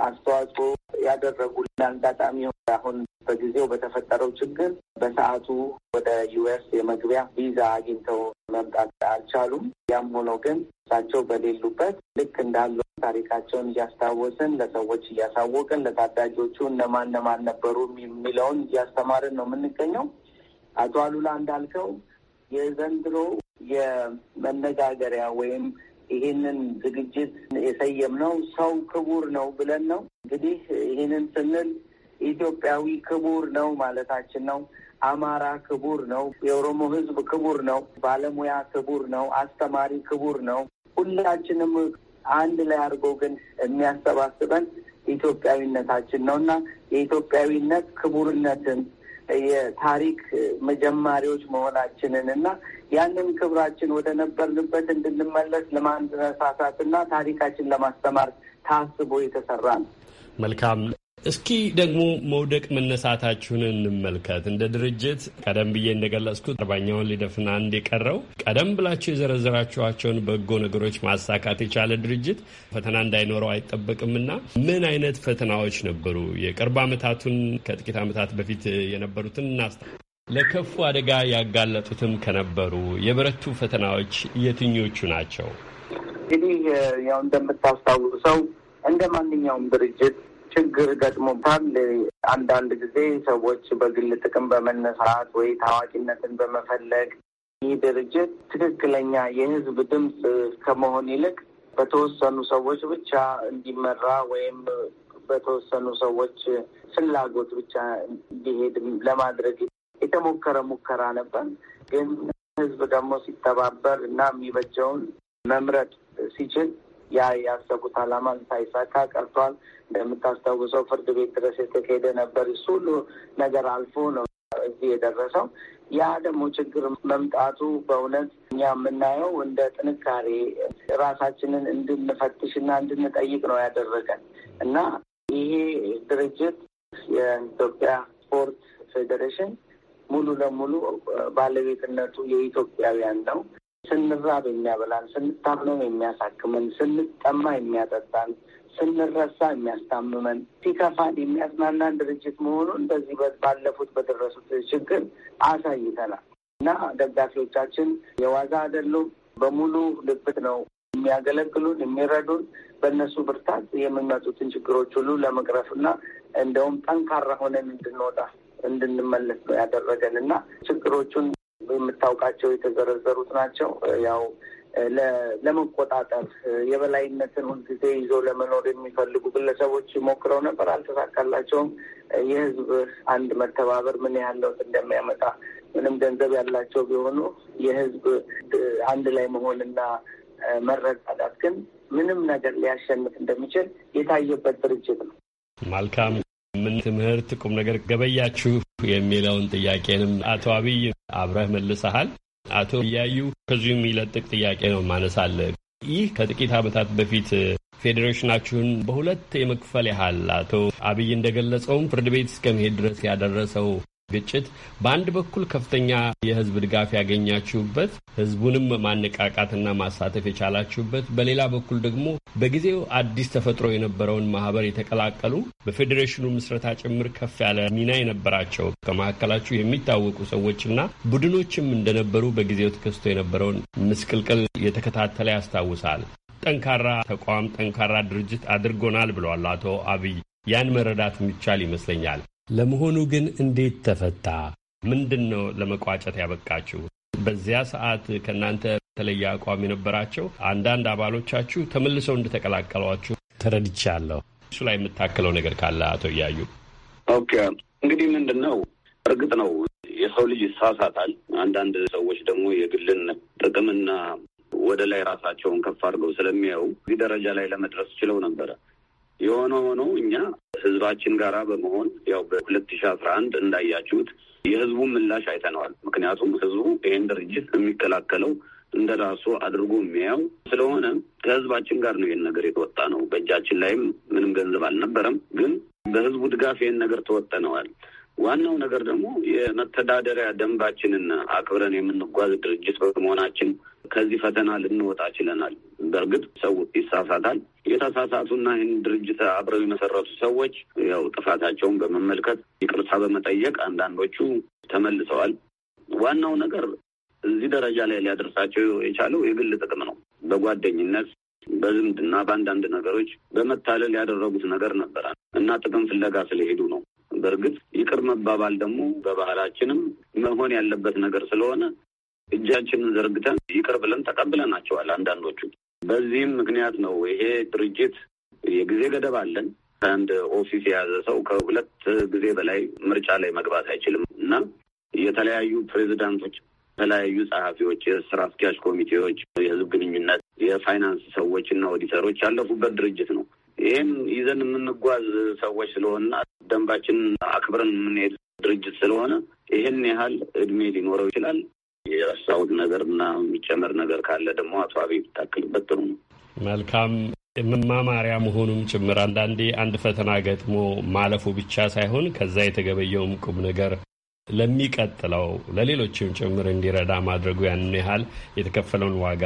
አስተዋጽኦ ያደረጉ አጋጣሚ አሁን በጊዜው በተፈጠረው ችግር በሰዓቱ ወደ ዩኤስ የመግቢያ ቪዛ አግኝተው መምጣት አልቻሉም። ያም ሆኖ ግን እሳቸው በሌሉበት ልክ እንዳለው ታሪካቸውን እያስታወስን ለሰዎች እያሳወቅን ለታዳጊዎቹ እነማን እነማን ነበሩ የሚለውን እያስተማርን ነው የምንገኘው። አቶ አሉላ እንዳልከው የዘንድሮ የመነጋገሪያ ወይም ይህንን ዝግጅት የሰየም ነው ሰው ክቡር ነው ብለን ነው። እንግዲህ ይህንን ስንል ኢትዮጵያዊ ክቡር ነው ማለታችን ነው። አማራ ክቡር ነው። የኦሮሞ ሕዝብ ክቡር ነው። ባለሙያ ክቡር ነው። አስተማሪ ክቡር ነው። ሁላችንም አንድ ላይ አድርጎ ግን የሚያሰባስበን ኢትዮጵያዊነታችን ነው እና የኢትዮጵያዊነት ክቡርነትን የታሪክ መጀማሪዎች መሆናችንን እና ያንን ክብራችን ወደ ነበርንበት እንድንመለስ ለማነሳሳት እና ታሪካችን ለማስተማር ታስቦ የተሰራ ነው። መልካም እስኪ ደግሞ መውደቅ መነሳታችሁን እንመልከት። እንደ ድርጅት ቀደም ብዬ እንደገለጽኩት አርባኛውን ሊደፍን አንድ የቀረው ቀደም ብላችሁ የዘረዘራችኋቸውን በጎ ነገሮች ማሳካት የቻለ ድርጅት ፈተና እንዳይኖረው አይጠበቅምና ምን አይነት ፈተናዎች ነበሩ? የቅርብ ዓመታቱን ከጥቂት ዓመታት በፊት የነበሩትን እናስታ ለከፉ አደጋ ያጋለጡትም ከነበሩ የበረቱ ፈተናዎች የትኞቹ ናቸው? እንግዲህ ያው እንደምታስታውሰው እንደ ማንኛውም ድርጅት ችግር ገጥሞታል። አንዳንድ ጊዜ ሰዎች በግል ጥቅም በመነሳት ወይ ታዋቂነትን በመፈለግ ይህ ድርጅት ትክክለኛ የህዝብ ድምፅ ከመሆን ይልቅ በተወሰኑ ሰዎች ብቻ እንዲመራ ወይም በተወሰኑ ሰዎች ፍላጎት ብቻ እንዲሄድ ለማድረግ የተሞከረ ሙከራ ነበር። ግን ህዝብ ደግሞ ሲተባበር እና የሚበጀውን መምረጥ ሲችል ያ ያሰቡት አላማ ሳይሳካ ቀርቷል። እንደምታስታውሰው ፍርድ ቤት ድረስ የተካሄደ ነበር። እሱ ሁሉ ነገር አልፎ ነው እዚህ የደረሰው። ያ ደግሞ ችግር መምጣቱ በእውነት እኛ የምናየው እንደ ጥንካሬ ራሳችንን እንድንፈትሽና እንድንጠይቅ ነው ያደረገን እና ይሄ ድርጅት የኢትዮጵያ ስፖርት ፌዴሬሽን ሙሉ ለሙሉ ባለቤትነቱ የኢትዮጵያውያን ነው። ስንራብ የሚያበላን፣ ስንታመም የሚያሳክመን፣ ስንጠማ የሚያጠጣን፣ ስንረሳ የሚያስታምመን፣ ሲከፋን የሚያጽናናን ድርጅት መሆኑን በዚህ ባለፉት በደረሱት ችግር አሳይተናል እና ደጋፊዎቻችን የዋዛ አይደሉም። በሙሉ ልብት ነው የሚያገለግሉን የሚረዱን። በእነሱ ብርታት የሚመጡትን ችግሮች ሁሉ ለመቅረፍና እንደውም ጠንካራ ሆነን እንድንወጣ እንድንመለስ ነው ያደረገን እና ችግሮቹን የምታውቃቸው የተዘረዘሩት ናቸው። ያው ለመቆጣጠር የበላይነትን ሁልጊዜ ይዞ ለመኖር የሚፈልጉ ግለሰቦች ሞክረው ነበር፣ አልተሳካላቸውም። የህዝብ አንድ መተባበር ምን ያህል ለውጥ እንደሚያመጣ ምንም ገንዘብ ያላቸው ቢሆኑ የህዝብ አንድ ላይ መሆንና መረዳዳት ግን ምንም ነገር ሊያሸንፍ እንደሚችል የታየበት ድርጅት ነው። መልካም ምን ትምህርት ቁም ነገር ገበያችሁ የሚለውን ጥያቄንም አቶ አብይ አብረህ መልሰሃል። አቶ እያዩ ከዚሁ የሚለጥቅ ጥያቄ ነው ማነሳለ። ይህ ከጥቂት ዓመታት በፊት ፌዴሬሽናችሁን በሁለት የመክፈል ያህል አቶ አብይ እንደገለጸውም ፍርድ ቤት እስከመሄድ ድረስ ያደረሰው ግጭት በአንድ በኩል ከፍተኛ የህዝብ ድጋፍ ያገኛችሁበት ህዝቡንም ማነቃቃትና ማሳተፍ የቻላችሁበት፣ በሌላ በኩል ደግሞ በጊዜው አዲስ ተፈጥሮ የነበረውን ማህበር የተቀላቀሉ በፌዴሬሽኑ ምስረታ ጭምር ከፍ ያለ ሚና የነበራቸው ከመካከላችሁ የሚታወቁ ሰዎችና ቡድኖችም እንደነበሩ በጊዜው ተከስቶ የነበረውን ምስቅልቅል የተከታተለ ያስታውሳል። ጠንካራ ተቋም፣ ጠንካራ ድርጅት አድርጎናል ብለዋል አቶ አብይ። ያን መረዳት የሚቻል ይመስለኛል። ለመሆኑ ግን እንዴት ተፈታ? ምንድን ነው ለመቋጨት ያበቃችሁ? በዚያ ሰዓት ከእናንተ የተለየ አቋም የነበራቸው አንዳንድ አባሎቻችሁ ተመልሰው እንደተቀላቀሏችሁ ተረድቻለሁ። እሱ ላይ የምታክለው ነገር ካለ አቶ እያዩ። ኦኬ እንግዲህ ምንድን ነው እርግጥ ነው የሰው ልጅ ይሳሳታል። አንዳንድ ሰዎች ደግሞ የግልን ጥቅምና ወደ ላይ ራሳቸውን ከፍ አድርገው ስለሚያዩ እዚህ ደረጃ ላይ ለመድረስ ችለው ነበረ። የሆነ ሆኖ እኛ ህዝባችን ጋራ በመሆን ያው በሁለት ሺ አስራ አንድ እንዳያችሁት የህዝቡን ምላሽ አይተነዋል። ምክንያቱም ህዝቡ ይህን ድርጅት የሚከላከለው እንደ ራሱ አድርጎ የሚያየው ስለሆነ ከህዝባችን ጋር ነው ይህን ነገር የተወጣ ነው። በእጃችን ላይም ምንም ገንዘብ አልነበረም፣ ግን በህዝቡ ድጋፍ ይህን ነገር ተወጠነዋል። ዋናው ነገር ደግሞ የመተዳደሪያ ደንባችንን አክብረን የምንጓዝ ድርጅት በመሆናችን ከዚህ ፈተና ልንወጣ ችለናል። በእርግጥ ሰው ይሳሳታል። የተሳሳቱና ይህን ድርጅት አብረው የመሰረቱ ሰዎች ያው ጥፋታቸውን በመመልከት ይቅርታ በመጠየቅ አንዳንዶቹ ተመልሰዋል። ዋናው ነገር እዚህ ደረጃ ላይ ሊያደርሳቸው የቻለው የግል ጥቅም ነው። በጓደኝነት በዝምድና በአንዳንድ ነገሮች በመታለል ያደረጉት ነገር ነበረ እና ጥቅም ፍለጋ ስለሄዱ ነው በእርግጥ ይቅር መባባል ደግሞ በባህላችንም መሆን ያለበት ነገር ስለሆነ እጃችንን ዘርግተን ይቅር ብለን ተቀብለናቸዋል። አንዳንዶቹ በዚህም ምክንያት ነው ይሄ ድርጅት የጊዜ ገደብ አለን። አንድ ኦፊስ የያዘ ሰው ከሁለት ጊዜ በላይ ምርጫ ላይ መግባት አይችልም እና የተለያዩ ፕሬዚዳንቶች፣ የተለያዩ ጸሐፊዎች፣ የስራ አስኪያጅ ኮሚቴዎች፣ የህዝብ ግንኙነት፣ የፋይናንስ ሰዎች እና ኦዲተሮች ያለፉበት ድርጅት ነው። ይህን ይዘን የምንጓዝ ሰዎች ስለሆንና ደንባችንን አክብረን የምንሄድ ድርጅት ስለሆነ ይህን ያህል እድሜ ሊኖረው ይችላል። የረሳሁት ነገር እና የሚጨመር ነገር ካለ ደግሞ አቶ አብይ ብታክልበት ጥሩ ነው። መልካም መማማሪያ መሆኑም ጭምር አንዳንዴ አንድ ፈተና ገጥሞ ማለፉ ብቻ ሳይሆን ከዛ የተገበየውም ቁም ነገር ለሚቀጥለው ለሌሎችም ጭምር እንዲረዳ ማድረጉ ያንን ያህል የተከፈለውን ዋጋ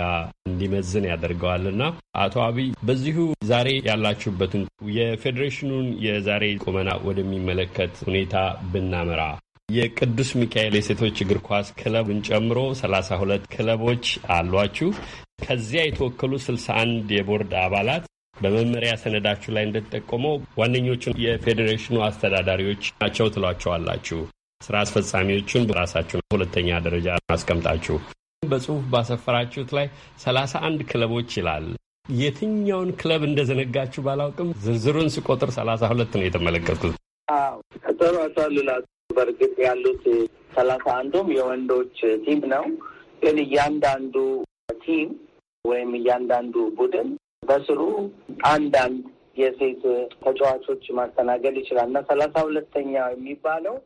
እንዲመዝን ያደርገዋልና አቶ አብይ በዚሁ ዛሬ ያላችሁበትን የፌዴሬሽኑን የዛሬ ቁመና ወደሚመለከት ሁኔታ ብናመራ የቅዱስ ሚካኤል የሴቶች እግር ኳስ ክለብን ጨምሮ 32 ክለቦች አሏችሁ። ከዚያ የተወከሉ 61 የቦርድ አባላት በመመሪያ ሰነዳችሁ ላይ እንደተጠቆመው ዋነኞቹ የፌዴሬሽኑ አስተዳዳሪዎች ናቸው ትሏቸዋላችሁ። ስራ አስፈጻሚዎቹን በራሳችሁን ሁለተኛ ደረጃ አስቀምጣችሁ በጽሁፍ ባሰፈራችሁት ላይ ሰላሳ አንድ ክለቦች ይላል። የትኛውን ክለብ እንደዘነጋችሁ ባላውቅም ዝርዝሩን ስቆጥር ሰላሳ ሁለት ነው የተመለከቱት። ጥሩ አሳልላት። በእርግጥ ያሉት ሰላሳ አንዱም የወንዶች ቲም ነው። ግን እያንዳንዱ ቲም ወይም እያንዳንዱ ቡድን በስሩ አንዳንድ የሴት ተጫዋቾች ማስተናገድ ይችላል እና ሰላሳ ሁለተኛ የሚባለው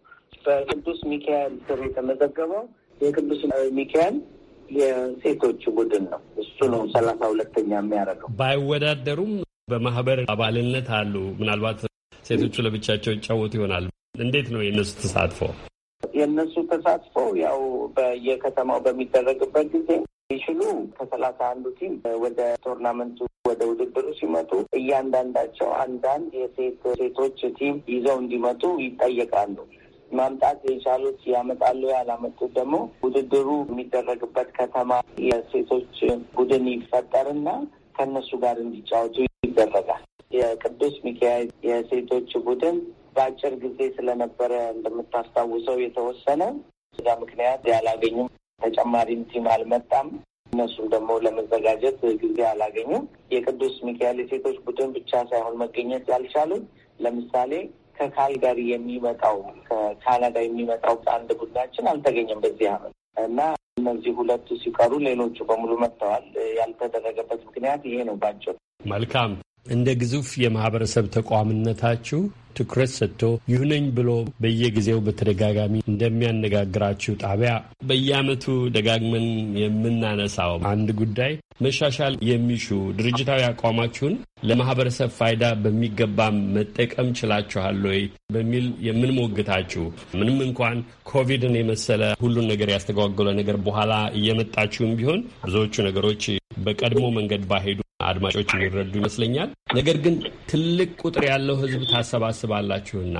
በቅዱስ ሚካኤል ስር የተመዘገበው የቅዱስ ሚካኤል የሴቶች ቡድን ነው። እሱ ነው ሰላሳ ሁለተኛ የሚያደርገው። ባይወዳደሩም በማህበር አባልነት አሉ። ምናልባት ሴቶቹ ለብቻቸው ይጫወቱ ይሆናል። እንዴት ነው የእነሱ ተሳትፎ? የእነሱ ተሳትፎ ያው በየከተማው በሚደረግበት ጊዜ ይችሉ ከሰላሳ አንዱ ቲም ወደ ቶርናመንቱ ወደ ውድድሩ ሲመጡ እያንዳንዳቸው አንዳንድ የሴት ሴቶች ቲም ይዘው እንዲመጡ ይጠየቃሉ። ማምጣት የቻሉት ያመጣሉ፣ ያላመጡት ደግሞ ውድድሩ የሚደረግበት ከተማ የሴቶች ቡድን ይፈጠርና ከእነሱ ጋር እንዲጫወቱ ይደረጋል። የቅዱስ ሚካኤል የሴቶች ቡድን በአጭር ጊዜ ስለነበረ እንደምታስታውሰው የተወሰነ ስጋ ምክንያት ያላገኙም፣ ተጨማሪም ቲም አልመጣም። እነሱም ደግሞ ለመዘጋጀት ጊዜ አላገኙም። የቅዱስ ሚካኤል የሴቶች ቡድን ብቻ ሳይሆን መገኘት ያልቻሉት ለምሳሌ ከካልጋሪ የሚመጣው ከካናዳ የሚመጣው አንድ ቡድናችን አልተገኘም በዚህ አመት እና እነዚህ ሁለቱ ሲቀሩ ሌሎቹ በሙሉ መጥተዋል። ያልተደረገበት ምክንያት ይሄ ነው ባጭሩ። መልካም እንደ ግዙፍ የማህበረሰብ ተቋምነታችሁ ትኩረት ሰጥቶ ይሁነኝ ብሎ በየጊዜው በተደጋጋሚ እንደሚያነጋግራችሁ ጣቢያ በየዓመቱ ደጋግመን የምናነሳው አንድ ጉዳይ መሻሻል የሚሹ ድርጅታዊ አቋማችሁን ለማህበረሰብ ፋይዳ በሚገባ መጠቀም ችላችኋል ወይ በሚል የምንሞግታችሁ ምንም እንኳን ኮቪድን የመሰለ ሁሉን ነገር ያስተጓጎለ ነገር በኋላ እየመጣችሁም ቢሆን ብዙዎቹ ነገሮች በቀድሞ መንገድ ባሄዱ አድማጮች የሚረዱ ይመስለኛል። ነገር ግን ትልቅ ቁጥር ያለው ህዝብ ታሰባስባላችሁና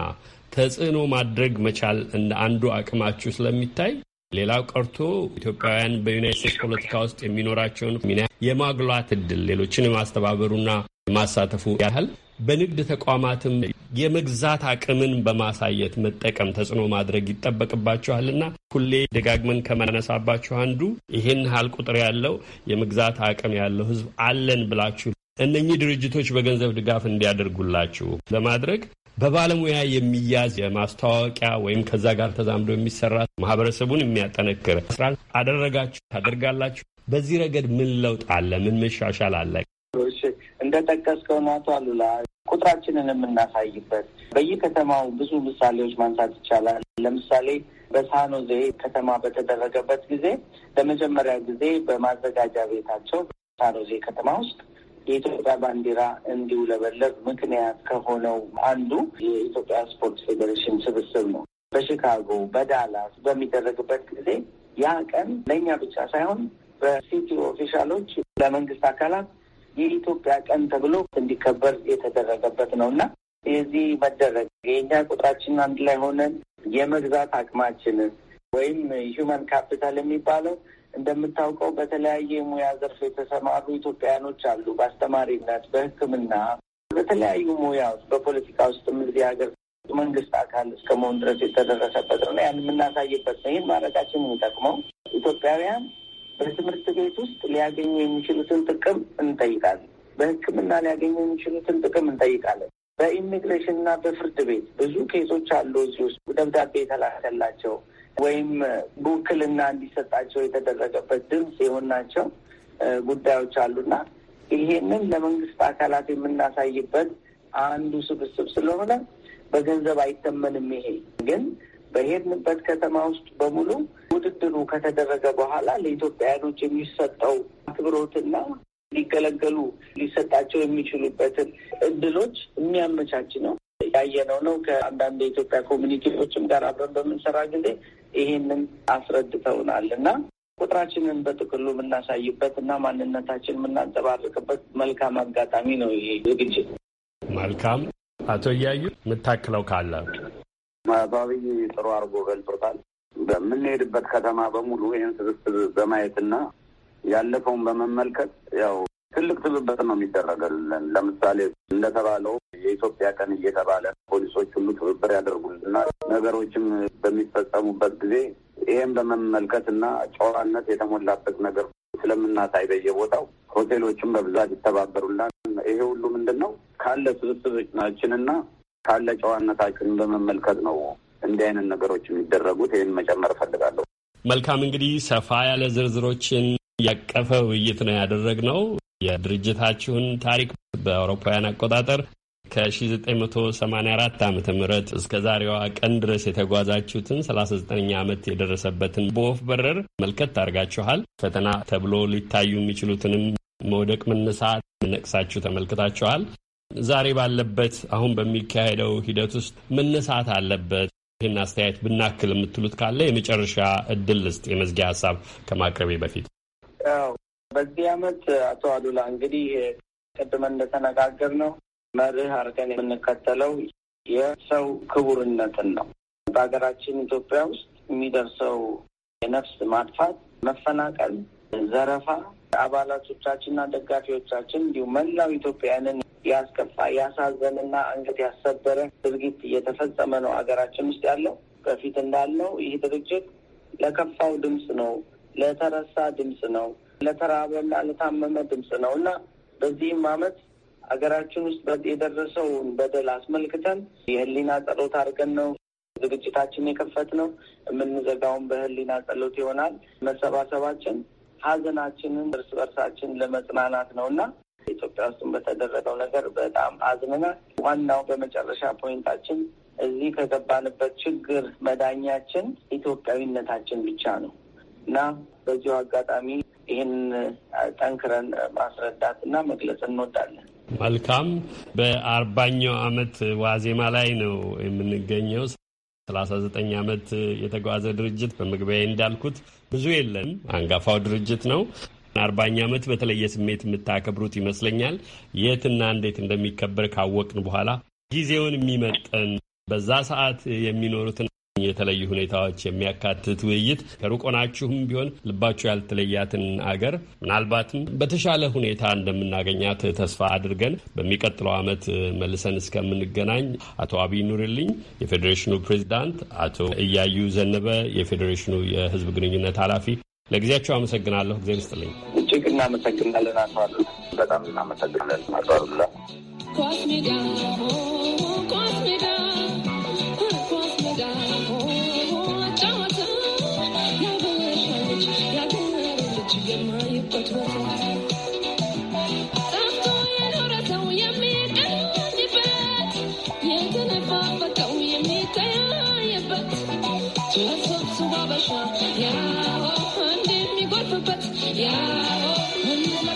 ተጽዕኖ ማድረግ መቻል እንደ አንዱ አቅማችሁ ስለሚታይ ሌላው ቀርቶ ኢትዮጵያውያን በዩናይት ስቴትስ ፖለቲካ ውስጥ የሚኖራቸውን ሚና የማጉላት እድል ሌሎችን የማስተባበሩና የማሳተፉ ያህል በንግድ ተቋማትም የመግዛት አቅምን በማሳየት መጠቀም ተጽዕኖ ማድረግ ይጠበቅባችኋልና ሁሌ ደጋግመን ከመነሳባችሁ አንዱ ይህን ያህል ቁጥር ያለው የመግዛት አቅም ያለው ህዝብ አለን ብላችሁ እነኚህ ድርጅቶች በገንዘብ ድጋፍ እንዲያደርጉላችሁ ለማድረግ በባለሙያ የሚያዝ የማስተዋወቂያ ወይም ከዛ ጋር ተዛምዶ የሚሰራ ማህበረሰቡን የሚያጠነክር ስራ አደረጋችሁ ታደርጋላችሁ። በዚህ ረገድ ምን ለውጥ አለ? ምን መሻሻል አለ? እሺ እንደጠቀስከው ነው አቶ አሉላ ቁጥራችንን የምናሳይበት በየከተማው ብዙ ምሳሌዎች ማንሳት ይቻላል። ለምሳሌ በሳኖዜ ከተማ በተደረገበት ጊዜ ለመጀመሪያ ጊዜ በማዘጋጃ ቤታቸው ሳኖዜ ከተማ ውስጥ የኢትዮጵያ ባንዲራ እንዲውለበለብ ምክንያት ከሆነው አንዱ የኢትዮጵያ ስፖርት ፌዴሬሽን ስብስብ ነው። በሺካጎ በዳላስ በሚደረግበት ጊዜ ያ ቀን ለእኛ ብቻ ሳይሆን በሲቲ ኦፊሻሎች ለመንግስት አካላት የኢትዮጵያ ቀን ተብሎ እንዲከበር የተደረገበት ነው እና የዚህ መደረግ የእኛ ቁጥራችን አንድ ላይ ሆነን የመግዛት አቅማችንን ወይም ሂውማን ካፒታል የሚባለው እንደምታውቀው በተለያየ የሙያ ዘርፍ የተሰማሩ ኢትዮጵያውያኖች አሉ። በአስተማሪነት፣ በሕክምና፣ በተለያዩ ውስጥ፣ በፖለቲካ ውስጥም እዚህ ሀገር መንግስት አካል እስከ መሆን ድረስ የተደረሰበት ነው። ያን የምናሳይበት ነው። ይህን ማድረጋችን የሚጠቅመው ኢትዮጵያውያን በትምህርት ቤት ውስጥ ሊያገኙ የሚችሉትን ጥቅም እንጠይቃለን። በሕክምና ሊያገኙ የሚችሉትን ጥቅም እንጠይቃለን። በኢሚግሬሽን እና በፍርድ ቤት ብዙ ኬሶች አሉ። እዚህ ውስጥ ደብዳቤ የተላከላቸው ወይም ውክልና እንዲሰጣቸው የተደረገበት ድምፅ የሆናቸው ጉዳዮች አሉና ይሄንን ለመንግስት አካላት የምናሳይበት አንዱ ስብስብ ስለሆነ በገንዘብ አይተመንም። ይሄ ግን በሄድንበት ከተማ ውስጥ በሙሉ ውድድሩ ከተደረገ በኋላ ለኢትዮጵያውያኖች የሚሰጠው አክብሮትና ሊገለገሉ ሊሰጣቸው የሚችሉበትን እድሎች የሚያመቻች ነው ያየነው ነው። ከአንዳንድ የኢትዮጵያ ኮሚኒቲዎችም ጋር አብረን በምንሰራ ጊዜ ይሄንን አስረድተውናል እና ቁጥራችንን በጥቅሉ የምናሳይበት እና ማንነታችን የምናንጸባርቅበት መልካም አጋጣሚ ነው ይሄ ዝግጅት። መልካም አቶ እያዩ የምታክለው ካለ አብይ ጥሩ አድርጎ ገልጾታል። በምንሄድበት ከተማ በሙሉ ይህን ስብስብ በማየትና ያለፈውን በመመልከት ያው ትልቅ ትብብር ነው የሚደረገልን። ለምሳሌ እንደተባለው የኢትዮጵያ ቀን እየተባለ ፖሊሶች ሁሉ ትብብር ያደርጉልናል። ነገሮችም በሚፈጸሙበት ጊዜ ይህም በመመልከት እና ጨዋነት የተሞላበት ነገር ስለምናሳይ በየቦታው ሆቴሎችም በብዛት ይተባበሩላል። ይሄ ሁሉ ምንድን ነው ካለ ስብስባችንና ካለ ጨዋነታችን በመመልከት ነው እንዲህ አይነት ነገሮች የሚደረጉት። ይህን መጨመር እፈልጋለሁ። መልካም እንግዲህ ሰፋ ያለ ዝርዝሮችን ያቀፈ ውይይት ነው ያደረግነው። የድርጅታችሁን ታሪክ በአውሮፓውያን አቆጣጠር ከ1984 ዓ ም እስከ ዛሬዋ ቀን ድረስ የተጓዛችሁትን 39 ዓመት የደረሰበትን በወፍ በረር መልከት ታደርጋችኋል። ፈተና ተብሎ ሊታዩ የሚችሉትንም መውደቅ፣ መነሳት ነቅሳችሁ ተመልክታችኋል። ዛሬ ባለበት አሁን በሚካሄደው ሂደት ውስጥ መነሳት አለበት ይህን አስተያየት ብናክል የምትሉት ካለ የመጨረሻ እድል ውስጥ የመዝጊያ ሀሳብ ከማቅረቤ በፊት በዚህ አመት አቶ አሉላ እንግዲህ ቅድመ እንደተነጋገር ነው መርህ አድርገን የምንከተለው የሰው ክቡርነትን ነው። በሀገራችን ኢትዮጵያ ውስጥ የሚደርሰው የነፍስ ማጥፋት፣ መፈናቀል፣ ዘረፋ አባላቶቻችንና ደጋፊዎቻችን እንዲሁም መላው ኢትዮጵያውያንን ያስከፋ ያሳዘንና አንገት ያሰበረ ድርጊት እየተፈጸመ ነው ሀገራችን ውስጥ ያለው። በፊት እንዳልነው ይህ ድርጅት ለከፋው ድምፅ ነው፣ ለተረሳ ድምፅ ነው፣ ለተራበና ለታመመ ድምፅ ነው እና በዚህም አመት ሀገራችን ውስጥ የደረሰውን በደል አስመልክተን የህሊና ጸሎት አድርገን ነው ዝግጅታችን የከፈት ነው። የምንዘጋውን በህሊና ጸሎት ይሆናል መሰባሰባችን ሀዘናችንን እርስ በርሳችን ለመጽናናት ነው እና ኢትዮጵያ ውስጥም በተደረገው ነገር በጣም አዝነናል። ዋናው በመጨረሻ ፖይንታችን እዚህ ከገባንበት ችግር መዳኛችን ኢትዮጵያዊነታችን ብቻ ነው እና በዚሁ አጋጣሚ ይህን ጠንክረን ማስረዳት እና መግለጽ እንወዳለን። መልካም። በአርባኛው ዓመት ዋዜማ ላይ ነው የምንገኘው። 39 ዓመት የተጓዘ ድርጅት በመግቢያ እንዳልኩት ብዙ የለም። አንጋፋው ድርጅት ነው። አርባኛ ዓመት በተለየ ስሜት የምታከብሩት ይመስለኛል። የትና እንዴት እንደሚከበር ካወቅን በኋላ ጊዜውን የሚመጠን በዛ ሰዓት የሚኖሩትን የተለዩ ሁኔታዎች የሚያካትት ውይይት ከሩቆናችሁም ቢሆን ልባችሁ ያልተለያትን አገር ምናልባትም በተሻለ ሁኔታ እንደምናገኛት ተስፋ አድርገን በሚቀጥለው ዓመት መልሰን እስከምንገናኝ አቶ አብይ ኑርልኝ፣ የፌዴሬሽኑ ፕሬዚዳንት፣ አቶ እያዩ ዘነበ፣ የፌዴሬሽኑ የህዝብ ግንኙነት ኃላፊ ለጊዜያቸው አመሰግናለሁ። ጊዜ ይስጥልኝ። እጅግ እናመሰግናለን። አንዋሉ በጣም እናመሰግናለን። አቶ አሉላ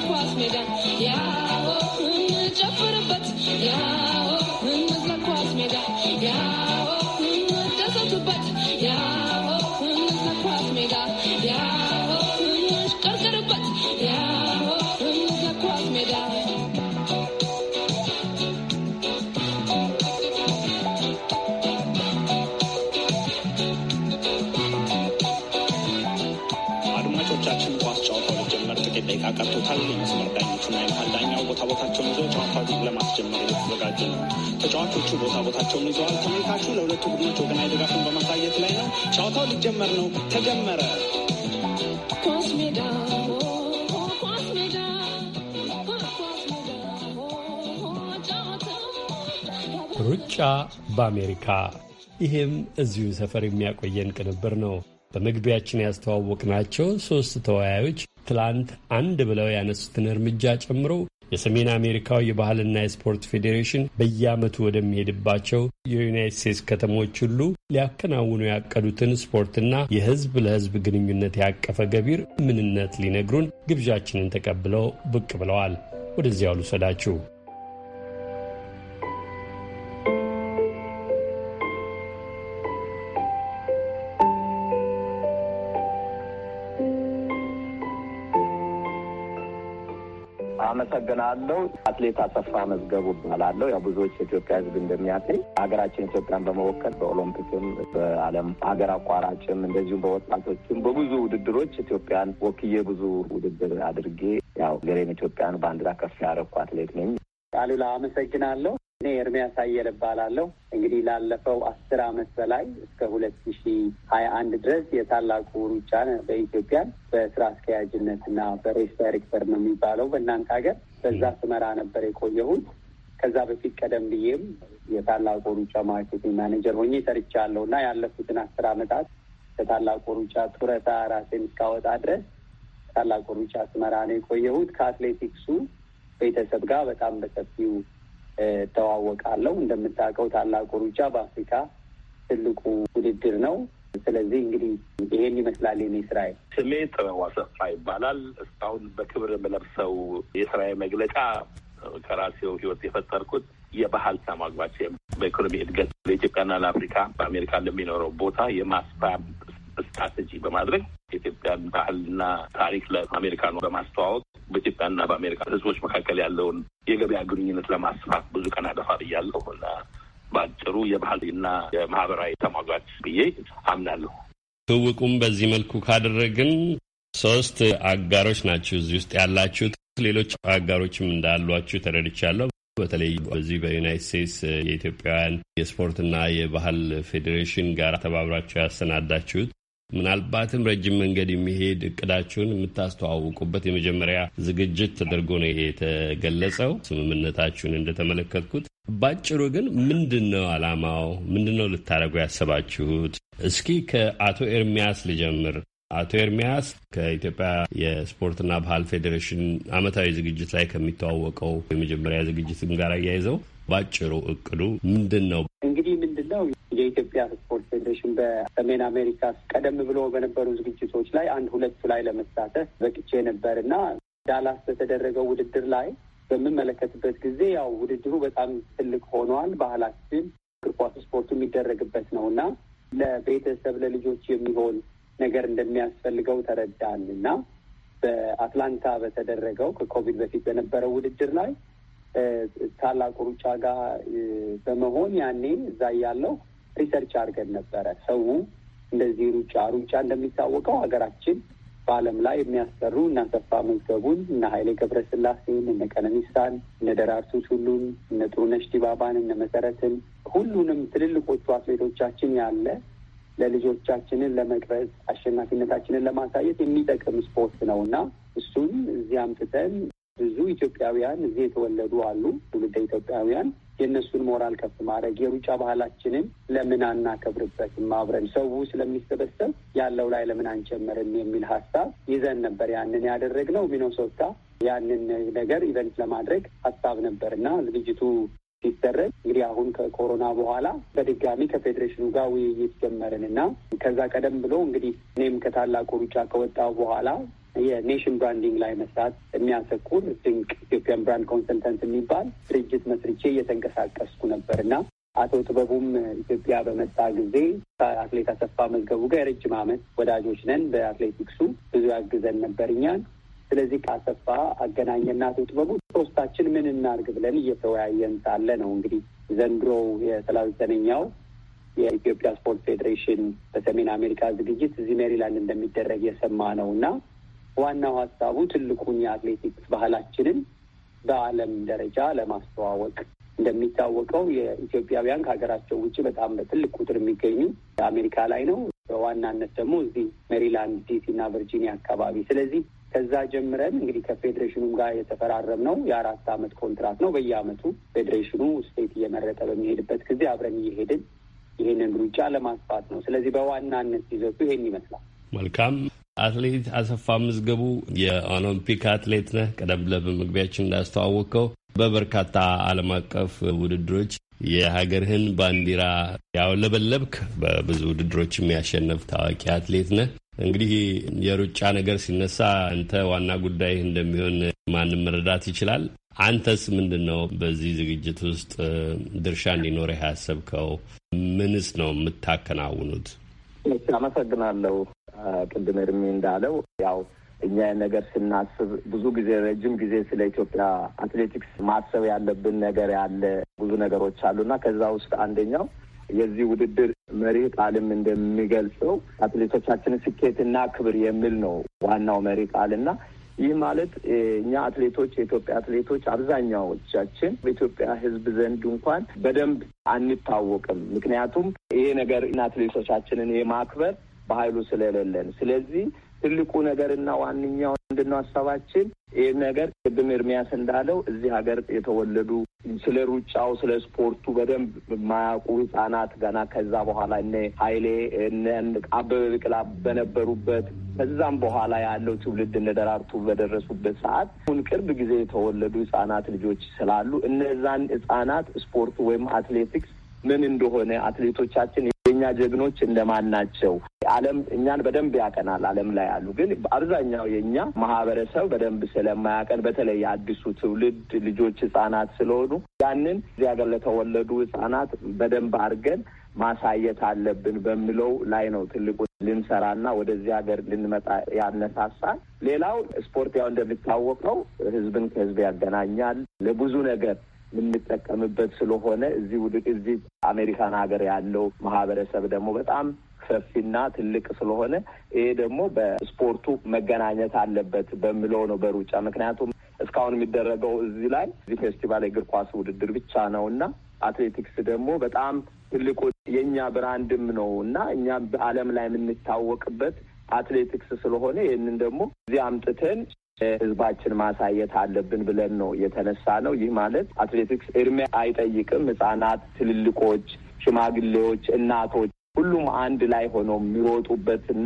ኳስ ሜዳ ተጫዋቾቹ ቦታ ቦታቸውን ይዘዋል። ተመልካቹ ለሁለቱ ቡድኖች ወገናዊ ድጋፍን በማሳየት ላይ ነው። ጨዋታው ሊጀመር ነው። ተጀመረ። ኳስ ሜዳ ሩጫ በአሜሪካ ይህም እዚሁ ሰፈር የሚያቆየን ቅንብር ነው። በመግቢያችን ያስተዋወቅናቸው ሦስት ተወያዮች ትላንት አንድ ብለው ያነሱትን እርምጃ ጨምሮ የሰሜን አሜሪካው የባህልና የስፖርት ፌዴሬሽን በየዓመቱ ወደሚሄድባቸው የዩናይት ስቴትስ ከተሞች ሁሉ ሊያከናውኑ ያቀዱትን ስፖርትና የሕዝብ ለሕዝብ ግንኙነት ያቀፈ ገቢር ምንነት ሊነግሩን ግብዣችንን ተቀብለው ብቅ ብለዋል። ወደዚያው ልውሰዳችሁ። እባላለሁ። አትሌት አሰፋ መዝገቡ እባላለሁ። ያው ብዙዎች የኢትዮጵያ ሕዝብ እንደሚያውቀኝ ሀገራችን ኢትዮጵያን በመወከል በኦሎምፒክም በዓለም ሀገር አቋራጭም እንደዚሁም በወጣቶችም በብዙ ውድድሮች ኢትዮጵያን ወክዬ ብዙ ውድድር አድርጌ ያው ገሬን ኢትዮጵያን ባንዲራ ከፍ ያደረኩ አትሌት ነኝ። አሉላ አመሰግናለሁ። እኔ ኤርሚያስ አየለ እባላለሁ። እንግዲህ ላለፈው አስር አመት በላይ እስከ ሁለት ሺ ሀያ አንድ ድረስ የታላቁ ሩጫን በኢትዮጵያ በስራ አስኪያጅነት እና በሬስ ዳይሬክተር ነው የሚባለው በእናንተ ሀገር በዛ ስመራ ነበር የቆየሁት። ከዛ በፊት ቀደም ብዬም የታላቁ ሩጫ ማርኬቲንግ ማኔጀር ሆኜ ሰርቻለሁ እና ያለፉትን አስር ዓመታት ከታላቁ ሩጫ ጡረታ ራሴን እስካወጣ ድረስ ታላቁ ሩጫ ስመራ ነው የቆየሁት። ከአትሌቲክሱ ቤተሰብ ጋር በጣም በሰፊው ተዋወቃለሁ። እንደምታውቀው ታላቁ ሩጫ በአፍሪካ ትልቁ ውድድር ነው። ስለዚህ እንግዲህ ይሄን ይመስላል የኔ ስራዬ። ስሜ ጥበቡ አሰፋ ይባላል። እስካሁን በክብር የምለብሰው የስራዬ መግለጫ ከራሴው ህይወት የፈጠርኩት የባህል ተሟግባች በኢኮኖሚ እድገት ለኢትዮጵያና ለአፍሪካ በአሜሪካ ለሚኖረው ቦታ የማስፋብ ስትራቴጂ በማድረግ የኢትዮጵያን ባህልና ታሪክ ለአሜሪካኑ በማስተዋወቅ በኢትዮጵያና በአሜሪካ ህዝቦች መካከል ያለውን የገበያ ግንኙነት ለማስፋት ብዙ ቀን አደፋ ብያለሁ እና በአጭሩ የባህልና የማህበራዊ ተሟጋች ብዬ አምናለሁ። ትውውቁም በዚህ መልኩ ካደረግን ሶስት አጋሮች ናችሁ እዚህ ውስጥ ያላችሁት። ሌሎች አጋሮችም እንዳሏችሁ ተረድቻለሁ። በተለይ በዚህ በዩናይት ስቴትስ የኢትዮጵያውያን የስፖርትና የባህል ፌዴሬሽን ጋር ተባብራችሁ ያሰናዳችሁት ምናልባትም ረጅም መንገድ የሚሄድ እቅዳችሁን የምታስተዋውቁበት የመጀመሪያ ዝግጅት ተደርጎ ነው ይሄ የተገለጸው። ስምምነታችሁን እንደተመለከትኩት ባጭሩ ግን ምንድን ነው አላማው? ምንድን ነው ልታደርጉ ያሰባችሁት? እስኪ ከአቶ ኤርሚያስ ልጀምር። አቶ ኤርሚያስ ከኢትዮጵያ የስፖርትና ባህል ፌዴሬሽን ዓመታዊ ዝግጅት ላይ ከሚተዋወቀው የመጀመሪያ ዝግጅትም ጋር አያይዘው ባጭሩ እቅዱ ምንድን ነው? እንግዲህ ነው የኢትዮጵያ ስፖርት ፌዴሬሽን በሰሜን አሜሪካ ቀደም ብሎ በነበሩ ዝግጅቶች ላይ አንድ ሁለቱ ላይ ለመሳተፍ በቅቼ ነበር እና ዳላስ በተደረገው ውድድር ላይ በምመለከትበት ጊዜ ያው ውድድሩ በጣም ትልቅ ሆኗል። ባህላችን እግር ኳስ ስፖርቱ የሚደረግበት ነው እና ለቤተሰብ ለልጆች የሚሆን ነገር እንደሚያስፈልገው ተረዳን እና በአትላንታ በተደረገው ከኮቪድ በፊት በነበረው ውድድር ላይ ታላቁ ሩጫ ጋር በመሆን ያኔ እዛ ያለው ሪሰርች አድርገን ነበረ። ሰው እንደዚህ ሩጫ ሩጫ እንደሚታወቀው ሀገራችን በዓለም ላይ የሚያስጠሩ እና አሰፋ መዝገቡን እነ ኃይሌ ገብረስላሴን እነ ቀነኒሳን እነ ደራርቱ ቱሉን እነ ጥሩነሽ ዲባባን እነ መሰረትን ሁሉንም ትልልቆቹ አትሌቶቻችን ያለ ለልጆቻችንን ለመቅረጽ አሸናፊነታችንን ለማሳየት የሚጠቅም ስፖርት ነው እና እሱን እዚህ አምጥተን ብዙ ኢትዮጵያውያን እዚህ የተወለዱ አሉ፣ ትውልደ ኢትዮጵያውያን የእነሱን ሞራል ከፍ ማድረግ የሩጫ ባህላችንን ለምን አናከብርበትም? አብረን ሰው ስለሚሰበሰብ ያለው ላይ ለምን አንጨምርም? የሚል ሀሳብ ይዘን ነበር ያንን ያደረግነው ሚኖሶታ ያንን ነገር ኢቨንት ለማድረግ ሀሳብ ነበር እና ዝግጅቱ ሲደረግ እንግዲህ አሁን ከኮሮና በኋላ በድጋሚ ከፌዴሬሽኑ ጋር ውይይት ጀመርን እና ከዛ ቀደም ብሎ እንግዲህ እኔም ከታላቁ ሩጫ ከወጣሁ በኋላ የኔሽን ብራንዲንግ ላይ መስራት የሚያተኩር ድንቅ ኢትዮጵያን ብራንድ ኮንሰልተንት የሚባል ድርጅት መስርቼ እየተንቀሳቀስኩ ነበር እና አቶ ጥበቡም ኢትዮጵያ በመጣ ጊዜ ከአትሌት አሰፋ መዝገቡ ጋር የረጅም ዓመት ወዳጆች ነን። በአትሌቲክሱ ብዙ ያግዘን ነበር እኛን። ስለዚህ ከአሰፋ አገናኘና አቶ ጥበቡ ሶስታችን ምን እናርግ ብለን እየተወያየን ሳለ ነው እንግዲህ ዘንድሮ የሰላሳ ዘጠነኛው የኢትዮጵያ ስፖርት ፌዴሬሽን በሰሜን አሜሪካ ዝግጅት እዚህ ሜሪላንድ እንደሚደረግ የሰማ ነው እና ዋናው ሀሳቡ ትልቁን የአትሌቲክስ ባህላችንን በዓለም ደረጃ ለማስተዋወቅ እንደሚታወቀው የኢትዮጵያውያን ከሀገራቸው ውጭ በጣም በትልቅ ቁጥር የሚገኙ አሜሪካ ላይ ነው። በዋናነት ደግሞ እዚህ ሜሪላንድ፣ ዲሲ እና ቨርጂኒያ አካባቢ። ስለዚህ ከዛ ጀምረን እንግዲህ ከፌዴሬሽኑም ጋር ነው የአራት ዓመት ኮንትራት ነው። በየዓመቱ ፌዴሬሽኑ ስቴት እየመረጠ በሚሄድበት ጊዜ አብረን እየሄድን ይህንን ሩጫ ለማስፋት ነው። ስለዚህ በዋናነት ይዘቱ ይሄን ይመስላል። መልካም አትሌት አሰፋ ምዝገቡ የኦሎምፒክ አትሌት ነህ። ቀደም ብለህ በመግቢያችን እንዳስተዋወቅከው በበርካታ ዓለም አቀፍ ውድድሮች የሀገርህን ባንዲራ ያውለበለብክ፣ በብዙ ውድድሮች የሚያሸነፍ ታዋቂ አትሌት ነህ። እንግዲህ የሩጫ ነገር ሲነሳ አንተ ዋና ጉዳይህ እንደሚሆን ማንም መረዳት ይችላል። አንተስ ምንድን ነው በዚህ ዝግጅት ውስጥ ድርሻ እንዲኖርህ ያሰብከው? ምንስ ነው የምታከናውኑት? አመሰግናለሁ። ቅድም እድሜ እንዳለው ያው እኛ ነገር ስናስብ ብዙ ጊዜ ረጅም ጊዜ ስለ ኢትዮጵያ አትሌቲክስ ማሰብ ያለብን ነገር ያለ ብዙ ነገሮች አሉና ከዛ ውስጥ አንደኛው የዚህ ውድድር መሪ ቃልም እንደሚገልጸው አትሌቶቻችን ስኬትና ክብር የሚል ነው ዋናው መሪህ ቃልና ይህ ማለት እኛ አትሌቶች የኢትዮጵያ አትሌቶች አብዛኛዎቻችን በኢትዮጵያ ሕዝብ ዘንድ እንኳን በደንብ አንታወቅም። ምክንያቱም ይሄ ነገር አትሌቶቻችንን የማክበር በሀይሉ ስለሌለን። ስለዚህ ትልቁ ነገርና ዋነኛው ምንድነው ሀሳባችን ይህ ነገር ቅድም እርሚያስ እንዳለው እዚህ ሀገር የተወለዱ ስለ ሩጫው ስለ ስፖርቱ በደንብ የማያውቁ ህጻናት ገና ከዛ በኋላ እነ ሀይሌ አበበ ብቅላ በነበሩበት ከዛም በኋላ ያለው ትውልድ እነ ደራርቱ በደረሱበት ሰዓት ሁን ቅርብ ጊዜ የተወለዱ ህጻናት ልጆች ስላሉ እነዛን ህጻናት ስፖርቱ ወይም አትሌቲክስ ምን እንደሆነ አትሌቶቻችን የኛ ጀግኖች እንደማን ናቸው? ዓለም እኛን በደንብ ያቀናል። ዓለም ላይ ያሉ ግን አብዛኛው የእኛ ማህበረሰብ በደንብ ስለማያቀን በተለይ አዲሱ ትውልድ ልጆች ህጻናት ስለሆኑ ያንን እዚህ ሀገር ለተወለዱ ህጻናት በደንብ አድርገን ማሳየት አለብን በሚለው ላይ ነው ትልቁ ልንሰራና ወደዚህ ሀገር ልንመጣ ያነሳሳል። ሌላው ስፖርት ያው እንደሚታወቀው ህዝብን ከህዝብ ያገናኛል ለብዙ ነገር የምንጠቀምበት ስለሆነ እዚህ ውድ እዚህ አሜሪካን ሀገር ያለው ማህበረሰብ ደግሞ በጣም ሰፊና ትልቅ ስለሆነ ይሄ ደግሞ በስፖርቱ መገናኘት አለበት በሚለው ነው በሩጫ ምክንያቱም እስካሁን የሚደረገው እዚህ ላይ እዚህ ፌስቲቫል የእግር ኳስ ውድድር ብቻ ነው እና አትሌቲክስ ደግሞ በጣም ትልቁ የእኛ ብራንድም ነው እና እኛ በዓለም ላይ የምንታወቅበት አትሌቲክስ ስለሆነ ይህንን ደግሞ እዚህ አምጥተን ህዝባችን ማሳየት አለብን ብለን ነው የተነሳ ነው። ይህ ማለት አትሌቲክስ እድሜ አይጠይቅም። ህጻናት፣ ትልልቆች፣ ሽማግሌዎች፣ እናቶች ሁሉም አንድ ላይ ሆነው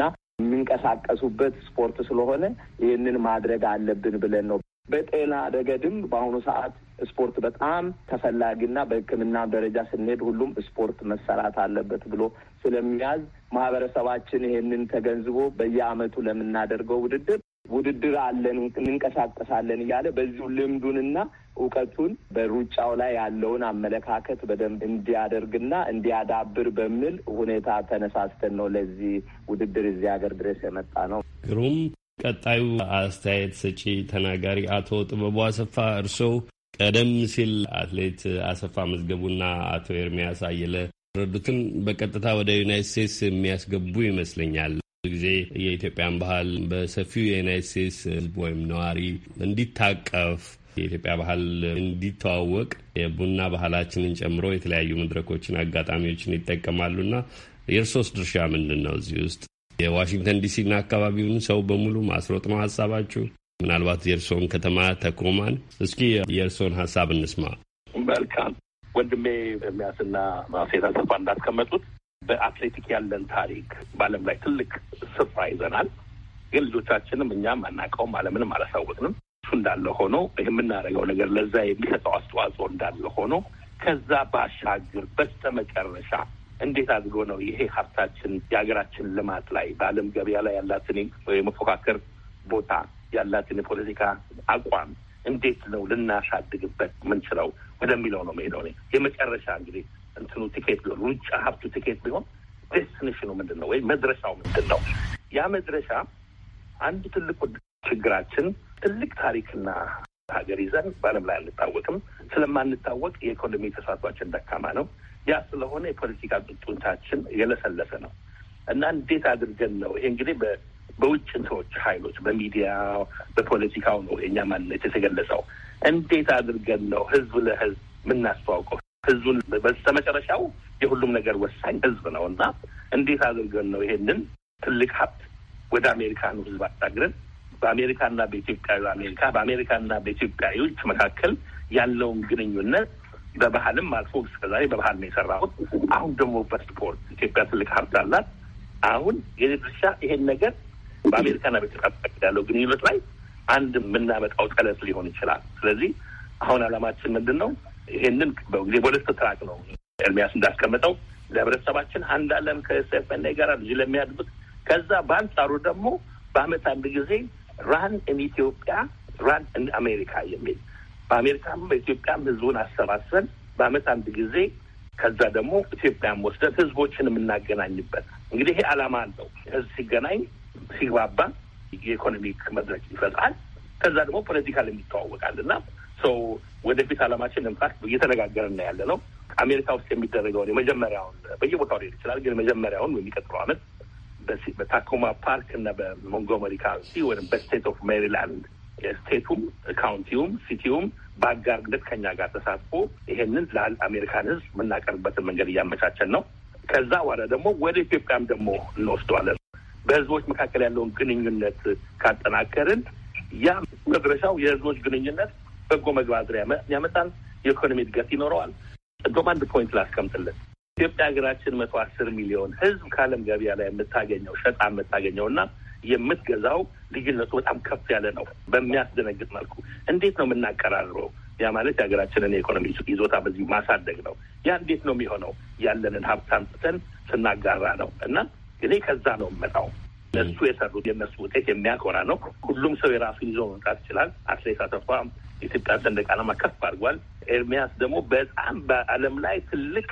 ና የሚንቀሳቀሱበት ስፖርት ስለሆነ ይህንን ማድረግ አለብን ብለን ነው። በጤና ረገድም በአሁኑ ሰዓት ስፖርት በጣም ተፈላጊና በሕክምና ደረጃ ስንሄድ ሁሉም ስፖርት መሰራት አለበት ብሎ ስለሚያዝ ማህበረሰባችን ይሄንን ተገንዝቦ በየአመቱ ለምናደርገው ውድድር ውድድር አለን እንንቀሳቀሳለን እያለ በዚሁ ልምዱንና እውቀቱን በሩጫው ላይ ያለውን አመለካከት በደንብ እንዲያደርግና እንዲያዳብር በሚል ሁኔታ ተነሳስተን ነው ለዚህ ውድድር እዚህ ሀገር ድረስ የመጣ ነው። ግሩም። ቀጣዩ አስተያየት ሰጪ ተናጋሪ አቶ ጥበቡ አሰፋ እርስዎ ቀደም ሲል አትሌት አሰፋ መዝገቡና አቶ ኤርሚያስ አየለ ረዱትን በቀጥታ ወደ ዩናይት ስቴትስ የሚያስገቡ ይመስለኛል። ጊዜ የኢትዮጵያን ባህል በሰፊው የዩናይት ስቴትስ ሕዝብ ወይም ነዋሪ እንዲታቀፍ የኢትዮጵያ ባህል እንዲተዋወቅ የቡና ባህላችንን ጨምሮ የተለያዩ መድረኮችን፣ አጋጣሚዎችን ይጠቀማሉና የእርሶስ ድርሻ ምንድን ነው? እዚህ ውስጥ የዋሽንግተን ዲሲና አካባቢውን ሰው በሙሉ ማስሮጥ ነው ሀሳባችሁ? ምናልባት የእርሶን ከተማ ተኮማን፣ እስኪ የእርሶን ሀሳብ እንስማ። መልካም ወንድሜ ሚያስና ማሴታ ሰፋ እንዳስቀመጡት በአትሌቲክ ያለን ታሪክ በዓለም ላይ ትልቅ ስፍራ ይዘናል። ግን ልጆቻችንም እኛም አናውቀውም፣ ዓለምንም አላሳወቅንም። እሱ እንዳለ ሆኖ የምናደርገው ነገር ለዛ የሚሰጠው አስተዋጽኦ እንዳለ ሆኖ ከዛ ባሻገር በስተ መጨረሻ እንዴት አድርጎ ነው ይሄ ሀብታችን የሀገራችን ልማት ላይ በዓለም ገበያ ላይ ያላትን የመፎካከር ቦታ ያላትን የፖለቲካ አቋም እንዴት ነው ልናሳድግበት ምንችለው ወደሚለው ነው መሄደው። የመጨረሻ እንግዲህ እንትኑ ቲኬት ቢሆን ሩጫ ሀብቱ ቲኬት ቢሆን ዴስቲኔሽኑ ምንድን ነው ወይም መድረሻው ምንድን ነው? ያ መድረሻ አንድ ትልቁ ችግራችን ትልቅ ታሪክና ሀገር ይዘን በዓለም ላይ አንታወቅም። ስለማንታወቅ የኢኮኖሚ ተሳትፏችን ደካማ ነው። ያ ስለሆነ የፖለቲካ ጡንቻችን የለሰለሰ ነው እና እንዴት አድርገን ነው ይሄ እንግዲህ በውጭ ሰዎች ኃይሎች በሚዲያ በፖለቲካው ነው የእኛ ማንነት የተገለጸው። እንዴት አድርገን ነው ህዝብ ለህዝብ የምናስተዋውቀው? ህዝቡን በስተመጨረሻው የሁሉም ነገር ወሳኝ ህዝብ ነው እና እንዴት አድርገን ነው ይሄንን ትልቅ ሀብት ወደ አሜሪካኑ ህዝብ አሻግረን በአሜሪካና በኢትዮጵያዊ አሜሪካ በአሜሪካና በኢትዮጵያዊዎች መካከል ያለውን ግንኙነት በባህልም አልፎ እስከዛሬ በባህል ነው የሰራሁት። አሁን ደግሞ በስፖርት ኢትዮጵያ ትልቅ ሀብት አላት። አሁን የኔ ድርሻ ይሄን ነገር በአሜሪካና በኢትዮጵያ ያለው ግንኙነት ላይ አንድ የምናመጣው ጠለት ሊሆን ይችላል። ስለዚህ አሁን አላማችን ምንድን ነው? ይህንን በጊዜ ወደ ስትራቅ ነው ኤርሚያስ እንዳስቀምጠው ለህብረተሰባችን አንድ አለም ከሰፈና ጋር ልጅ ለሚያድጉት ከዛ በአንጻሩ ደግሞ በአመት አንድ ጊዜ ራን ኢትዮጵያ ራን አሜሪካ የሚል በአሜሪካም በኢትዮጵያም ህዝቡን አሰባስበን በአመት አንድ ጊዜ ከዛ ደግሞ ኢትዮጵያን ወስደን ህዝቦችን የምናገናኝበት እንግዲህ ይሄ አላማ አለው። ህዝብ ሲገናኝ ሲግባባ የኢኮኖሚክ መድረክ ይፈጥራል። ከዛ ደግሞ ፖለቲካ ላይ ይተዋወቃል እና ሰው ወደፊት አላማችን ለምሳት እየተነጋገርን ያለ ነው። አሜሪካ ውስጥ የሚደረገውን የመጀመሪያውን በየቦታው ሊሆን ይችላል፣ ግን የመጀመሪያውን የሚቀጥለው አመት በታኮማ ፓርክ እና በሞንጎመሪ ካውንቲ ወይም በስቴት ኦፍ ሜሪላንድ የስቴቱም ካውንቲውም ሲቲውም በአጋርነት ከኛ ጋር ተሳትፎ ይሄንን ለአሜሪካን ህዝብ የምናቀርብበትን መንገድ እያመቻቸን ነው። ከዛ በኋላ ደግሞ ወደ ኢትዮጵያም ደግሞ እንወስደዋለን። በህዝቦች መካከል ያለውን ግንኙነት ካጠናከርን ያ መድረሻው የህዝቦች ግንኙነት በጎ መግባዝሪያ ያመጣል። የኢኮኖሚ እድገት ይኖረዋል። እንደውም አንድ ፖይንት ላስቀምጥልን። ኢትዮጵያ ሀገራችን መቶ አስር ሚሊዮን ህዝብ ከዓለም ገበያ ላይ የምታገኘው ሸጣ የምታገኘው እና የምትገዛው ልዩነቱ በጣም ከፍ ያለ ነው፣ በሚያስደነግጥ መልኩ። እንዴት ነው የምናቀራርበው? ያ ማለት የሀገራችንን የኢኮኖሚ ይዞታ በዚህ ማሳደግ ነው። ያ እንዴት ነው የሚሆነው? ያለንን ሀብት አምጥተን ስናጋራ ነው እና እኔ ከዛ ነው የምመጣው። እነሱ የሰሩት የእነሱ ውጤት የሚያኮራ ነው። ሁሉም ሰው የራሱን ይዞ መምጣት ይችላል። አትሌት አሰፋ ኢትዮጵያ ሰንደቅ ዓላማ ከፍ አድርጓል። ኤርሚያስ ደግሞ በጣም በዓለም ላይ ትልቅ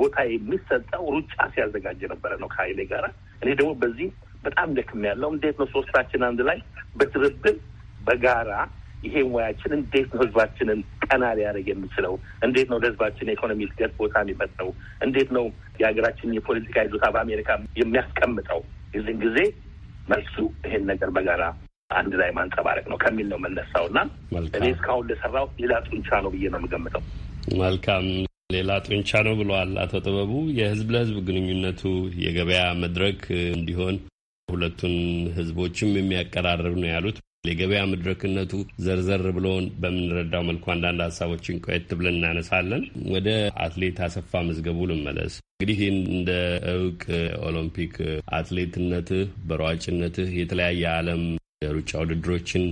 ቦታ የሚሰጠው ሩጫ ሲያዘጋጅ የነበረ ነው ከሀይሌ ጋራ። እኔ ደግሞ በዚህ በጣም ደክም ያለው እንዴት ነው ሶስታችን አንድ ላይ በትብብር በጋራ ይሄ ሙያችን እንዴት ነው ህዝባችንን ቀና ሊያደርግ የሚችለው? እንዴት ነው ለህዝባችን የኢኮኖሚ እድገት ቦታ የሚመጣው? እንዴት ነው የሀገራችን የፖለቲካ ይዞታ በአሜሪካ የሚያስቀምጠው? የዚህን ጊዜ መልሱ ይሄን ነገር በጋራ አንድ ላይ ማንጸባረቅ ነው ከሚል ነው መነሳው እና እኔ እስካሁን ለሰራው ሌላ ጡንቻ ነው ብዬ ነው የምገምጠው። መልካም ሌላ ጡንቻ ነው ብለዋል አቶ ጥበቡ። የህዝብ ለህዝብ ግንኙነቱ የገበያ መድረክ እንዲሆን ሁለቱን ህዝቦችም የሚያቀራርብ ነው ያሉት። የገበያ መድረክነቱ ዘርዘር ብሎን በምንረዳው መልኩ አንዳንድ ሀሳቦችን ቆየት ብለን እናነሳለን። ወደ አትሌት አሰፋ መዝገቡ ልመለስ። እንግዲህ እንደ እውቅ ኦሎምፒክ አትሌትነትህ በሯጭነትህ የተለያየ ዓለም የሩጫ ውድድሮችን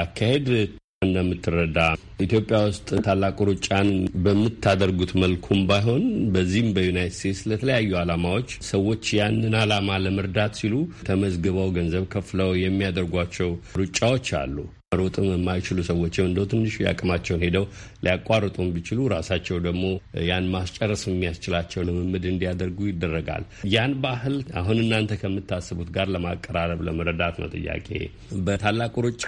አካሄድ እንደምትረዳ ኢትዮጵያ ውስጥ ታላቁ ሩጫን በምታደርጉት መልኩም ባይሆን በዚህም በዩናይት ስቴትስ ለተለያዩ ዓላማዎች ሰዎች ያንን ዓላማ ለመርዳት ሲሉ ተመዝግበው ገንዘብ ከፍለው የሚያደርጓቸው ሩጫዎች አሉ። ሩጥም የማይችሉ ሰዎች እንደው ትንሽ ያቅማቸውን ሄደው ሊያቋርጡም ቢችሉ ራሳቸው ደግሞ ያን ማስጨረስ የሚያስችላቸው ልምምድ እንዲያደርጉ ይደረጋል። ያን ባህል አሁን እናንተ ከምታስቡት ጋር ለማቀራረብ ለመረዳት ነው ጥያቄ። በታላቁ ሩጫ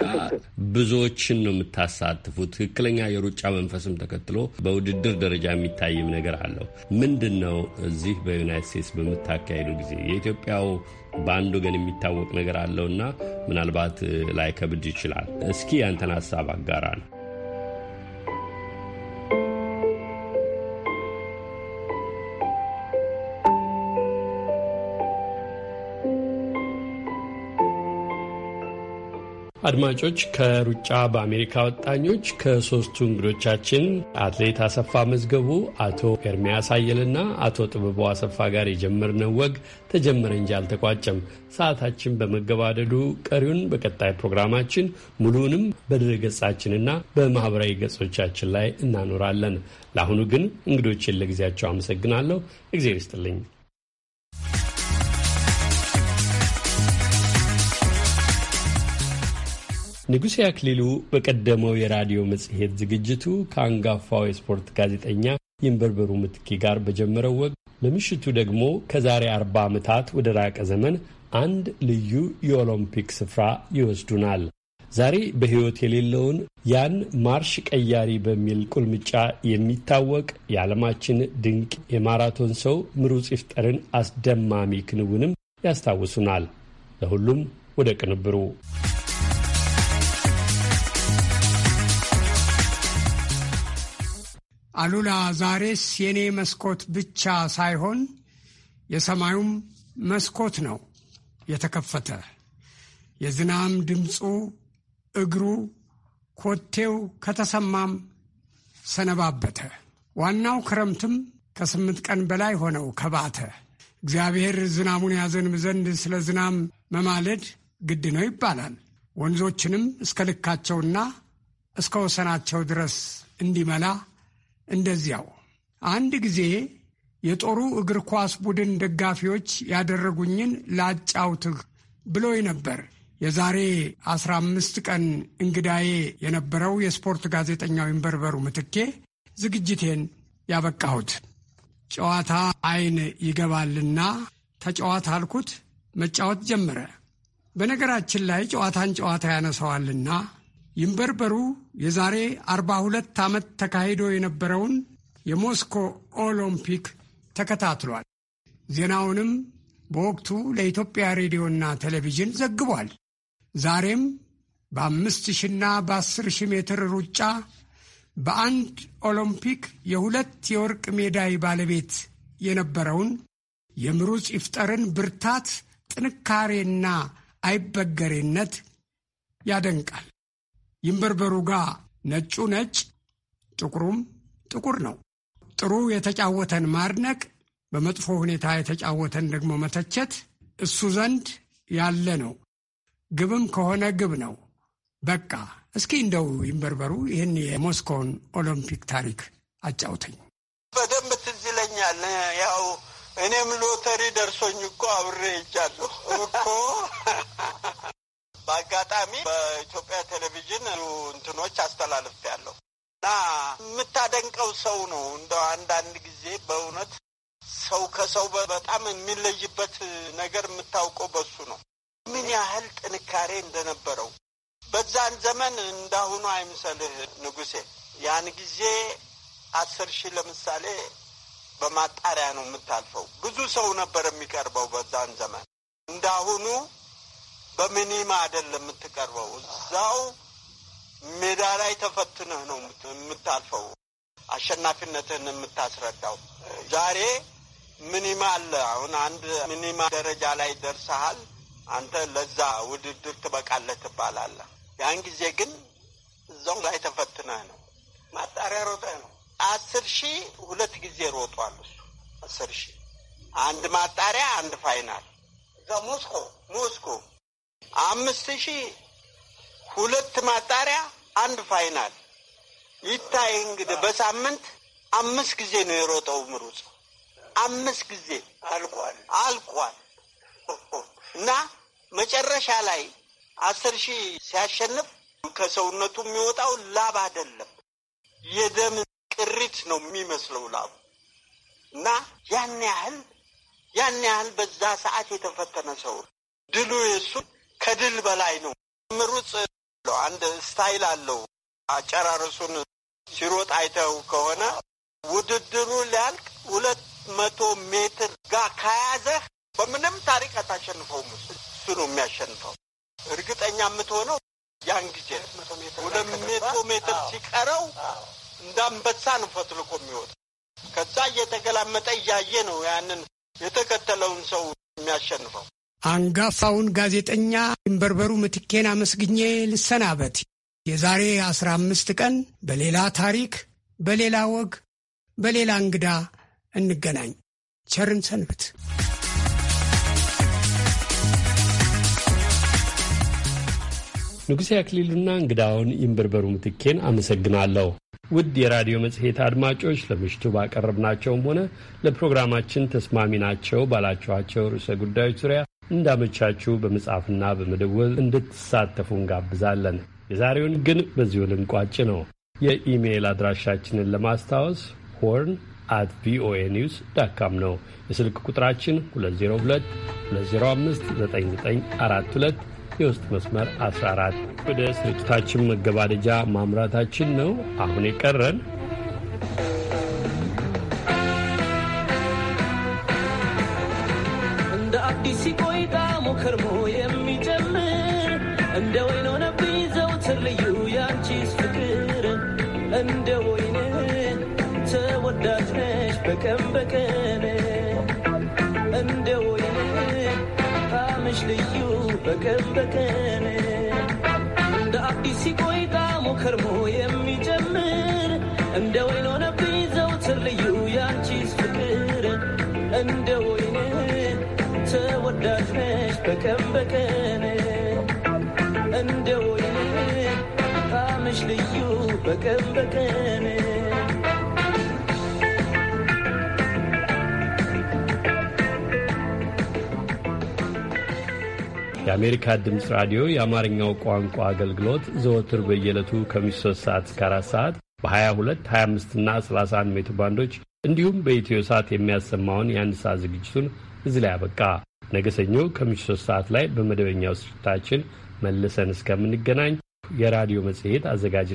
ብዙዎችን ነው የምታሳትፉት። ትክክለኛ የሩጫ መንፈስም ተከትሎ በውድድር ደረጃ የሚታይም ነገር አለው። ምንድን ነው እዚህ በዩናይት ስቴትስ በምታካሄዱ ጊዜ የኢትዮጵያው በአንድ ወገን የሚታወቅ ነገር አለውና ምናልባት ላይ ከብድ ይችላል። እስኪ ያንተን ሀሳብ አጋራ ነው። አድማጮች ከሩጫ በአሜሪካ ወጣኞች ከሶስቱ እንግዶቻችን አትሌት አሰፋ መዝገቡ፣ አቶ ኤርሚያስ አየልና አቶ ጥበቡ አሰፋ ጋር የጀመርነው ወግ ተጀመረ እንጂ አልተቋጨም። ሰዓታችን በመገባደዱ ቀሪውን በቀጣይ ፕሮግራማችን ሙሉውንም በድረገጻችንና በማኅበራዊ ገጾቻችን ላይ እናኖራለን። ለአሁኑ ግን እንግዶችን ለጊዜያቸው አመሰግናለሁ። እግዜር ይስጥልኝ። ንጉሴ አክሊሉ በቀደመው የራዲዮ መጽሔት ዝግጅቱ ከአንጋፋው የስፖርት ጋዜጠኛ ይንበርበሩ ምትኬ ጋር በጀመረው ወግ ለምሽቱ ደግሞ ከዛሬ አርባ ዓመታት ወደ ራቀ ዘመን አንድ ልዩ የኦሎምፒክ ስፍራ ይወስዱናል። ዛሬ በሕይወት የሌለውን ያን ማርሽ ቀያሪ በሚል ቁልምጫ የሚታወቅ የዓለማችን ድንቅ የማራቶን ሰው ምሩጽ ይፍጠርን አስደማሚ ክንውንም ያስታውሱናል። ለሁሉም ወደ ቅንብሩ አሉላ ዛሬስ የኔ መስኮት ብቻ ሳይሆን የሰማዩም መስኮት ነው የተከፈተ። የዝናም ድምፁ እግሩ ኮቴው ከተሰማም ሰነባበተ። ዋናው ክረምትም ከስምንት ቀን በላይ ሆነው ከባተ። እግዚአብሔር ዝናሙን ያዘንብ ዘንድ ስለ ዝናም መማለድ ግድ ነው ይባላል። ወንዞችንም እስከ ልካቸውና እስከ ወሰናቸው ድረስ እንዲመላ እንደዚያው አንድ ጊዜ የጦሩ እግር ኳስ ቡድን ደጋፊዎች ያደረጉኝን ላጫውትህ ብሎኝ ነበር። የዛሬ አምስት ቀን እንግዳዬ የነበረው የስፖርት ጋዜጠኛው ይንበርበሩ ምትኬ ዝግጅቴን ያበቃሁት ጨዋታ አይን ይገባልና ተጫዋት አልኩት። መጫወት ጀመረ። በነገራችን ላይ ጨዋታን ጨዋታ ያነሰዋልና! ይንበርበሩ የዛሬ 42 ዓመት ተካሂዶ የነበረውን የሞስኮ ኦሎምፒክ ተከታትሏል። ዜናውንም በወቅቱ ለኢትዮጵያ ሬዲዮና ቴሌቪዥን ዘግቧል። ዛሬም በአምስት ሺና በአስር ሺህ ሜትር ሩጫ በአንድ ኦሎምፒክ የሁለት የወርቅ ሜዳይ ባለቤት የነበረውን የምሩፅ ይፍጠርን ብርታት፣ ጥንካሬና አይበገሬነት ያደንቃል። ይንበርበሩ ጋር ነጩ ነጭ ጥቁሩም ጥቁር ነው። ጥሩ የተጫወተን ማድነቅ፣ በመጥፎ ሁኔታ የተጫወተን ደግሞ መተቸት እሱ ዘንድ ያለ ነው። ግብም ከሆነ ግብ ነው። በቃ እስኪ እንደው ይንበርበሩ ይህን የሞስኮውን ኦሎምፒክ ታሪክ አጫውተኝ። በደንብ ትዝ ይለኛል። ያው እኔም ሎተሪ ደርሶኝ እኮ አብሬ ይጃለሁ እኮ በአጋጣሚ በኢትዮጵያ ቴሌቪዥን እንትኖች አስተላልፍ ያለው እና የምታደንቀው ሰው ነው። እንደ አንዳንድ ጊዜ በእውነት ሰው ከሰው በጣም የሚለይበት ነገር የምታውቀው በሱ ነው። ምን ያህል ጥንካሬ እንደነበረው በዛን ዘመን እንዳሁኑ አይምሰልህ ንጉሴ። ያን ጊዜ አስር ሺህ ለምሳሌ በማጣሪያ ነው የምታልፈው። ብዙ ሰው ነበር የሚቀርበው በዛን ዘመን እንዳሁኑ በሚኒማ አይደለም የምትቀርበው። እዛው ሜዳ ላይ ተፈትነህ ነው የምታልፈው፣ አሸናፊነትህን የምታስረዳው። ዛሬ ሚኒማ አለ። አሁን አንድ ሚኒማ ደረጃ ላይ ደርሰሃል። አንተ ለዛ ውድድር ትበቃለህ ትባላለህ። ያን ጊዜ ግን እዛው ላይ ተፈትነህ ነው ማጣሪያ ሮጠህ ነው። አስር ሺህ ሁለት ጊዜ ሮጧል እሱ አስር ሺህ አንድ ማጣሪያ አንድ ፋይናል እዛ ሞስኮ ሞስኮ አምስት ሺህ ሁለት ማጣሪያ አንድ ፋይናል ይታይ እንግዲህ በሳምንት አምስት ጊዜ ነው የሮጠው ምሩጽ አምስት ጊዜ አልቋል አልቋል እና መጨረሻ ላይ አስር ሺህ ሲያሸንፍ ከሰውነቱ የሚወጣው ላብ አይደለም፣ የደም ቅሪት ነው የሚመስለው ላቡ እና ያን ያህል ያን ያህል በዛ ሰዓት የተፈተነ ሰው ድሉ የሱን ከድል በላይ ነው። ምሩጽ አንድ ስታይል አለው። አጨራረሱን ሲሮጥ አይተው ከሆነ ውድድሩ ሊያልቅ ሁለት መቶ ሜትር ጋር ከያዘህ በምንም ታሪክ አታሸንፈውም። እሱ ነው የሚያሸንፈው። እርግጠኛ የምትሆነው ያን ጊዜ ሁለት መቶ ሜትር ሲቀረው እንዳንበሳ ነው ፈትልኮ የሚወጣ። ከዛ እየተገላመጠ እያየ ነው ያንን የተከተለውን ሰው የሚያሸንፈው። አንጋፋውን ጋዜጠኛ ድንበርበሩ ምትኬን አመስግኜ ልሰናበት። የዛሬ አስራ አምስት ቀን በሌላ ታሪክ፣ በሌላ ወግ፣ በሌላ እንግዳ እንገናኝ። ቸርን ሰንብት። ንጉሴ አክሊሉና እንግዳውን ይንበርበሩ ምትኬን አመሰግናለሁ። ውድ የራዲዮ መጽሔት አድማጮች ለምሽቱ ባቀረብናቸውም ሆነ ለፕሮግራማችን ተስማሚ ናቸው ባላችኋቸው ርዕሰ ጉዳዮች ዙሪያ እንዳመቻችሁ በመጻፍና በመደወል እንድትሳተፉ እንጋብዛለን። የዛሬውን ግን በዚሁ ልንቋጭ ነው። የኢሜይል አድራሻችንን ለማስታወስ ሆርን አት ቪኦኤ ኒውስ ዳካም ነው። የስልክ ቁጥራችን 2022059942 የውስጥ መስመር 14። ወደ ስርጭታችን መገባደጃ ማምራታችን ነው። አሁን የቀረን ሲቆይ ጣሙ ከርሞ የሚጨምር እንደ ወይን ሆነብኝ ዘውትር ልዩ ያንቺስ ፍቅር እንደ ወይን ተወዳጅ ነሽ በቀን በቀን እንደ ወይን ጣምሽ ልዩ በቀን በቀን እንደ አዲስ ሲቆይ ጣሙ የሚጨምር እንደ ወይን በቀን እንደ ወይን ልዩ በቀን በቀን የአሜሪካ ድምፅ ራዲዮ የአማርኛው ቋንቋ አገልግሎት ዘወትር በየዕለቱ ከምሽቱ 3 ሰዓት እስከ 4 ሰዓት በ22፣ 25 እና 31 ሜትር ባንዶች እንዲሁም በኢትዮ ሰዓት የሚያሰማውን የአንድ ሰዓት ዝግጅቱን እዚህ ላይ አበቃ። ነገ ሰኞ ከምሽቱ ሶስት ሰዓት ላይ በመደበኛው ስርጭታችን መልሰን እስከምንገናኝ የራዲዮ መጽሔት አዘጋጅ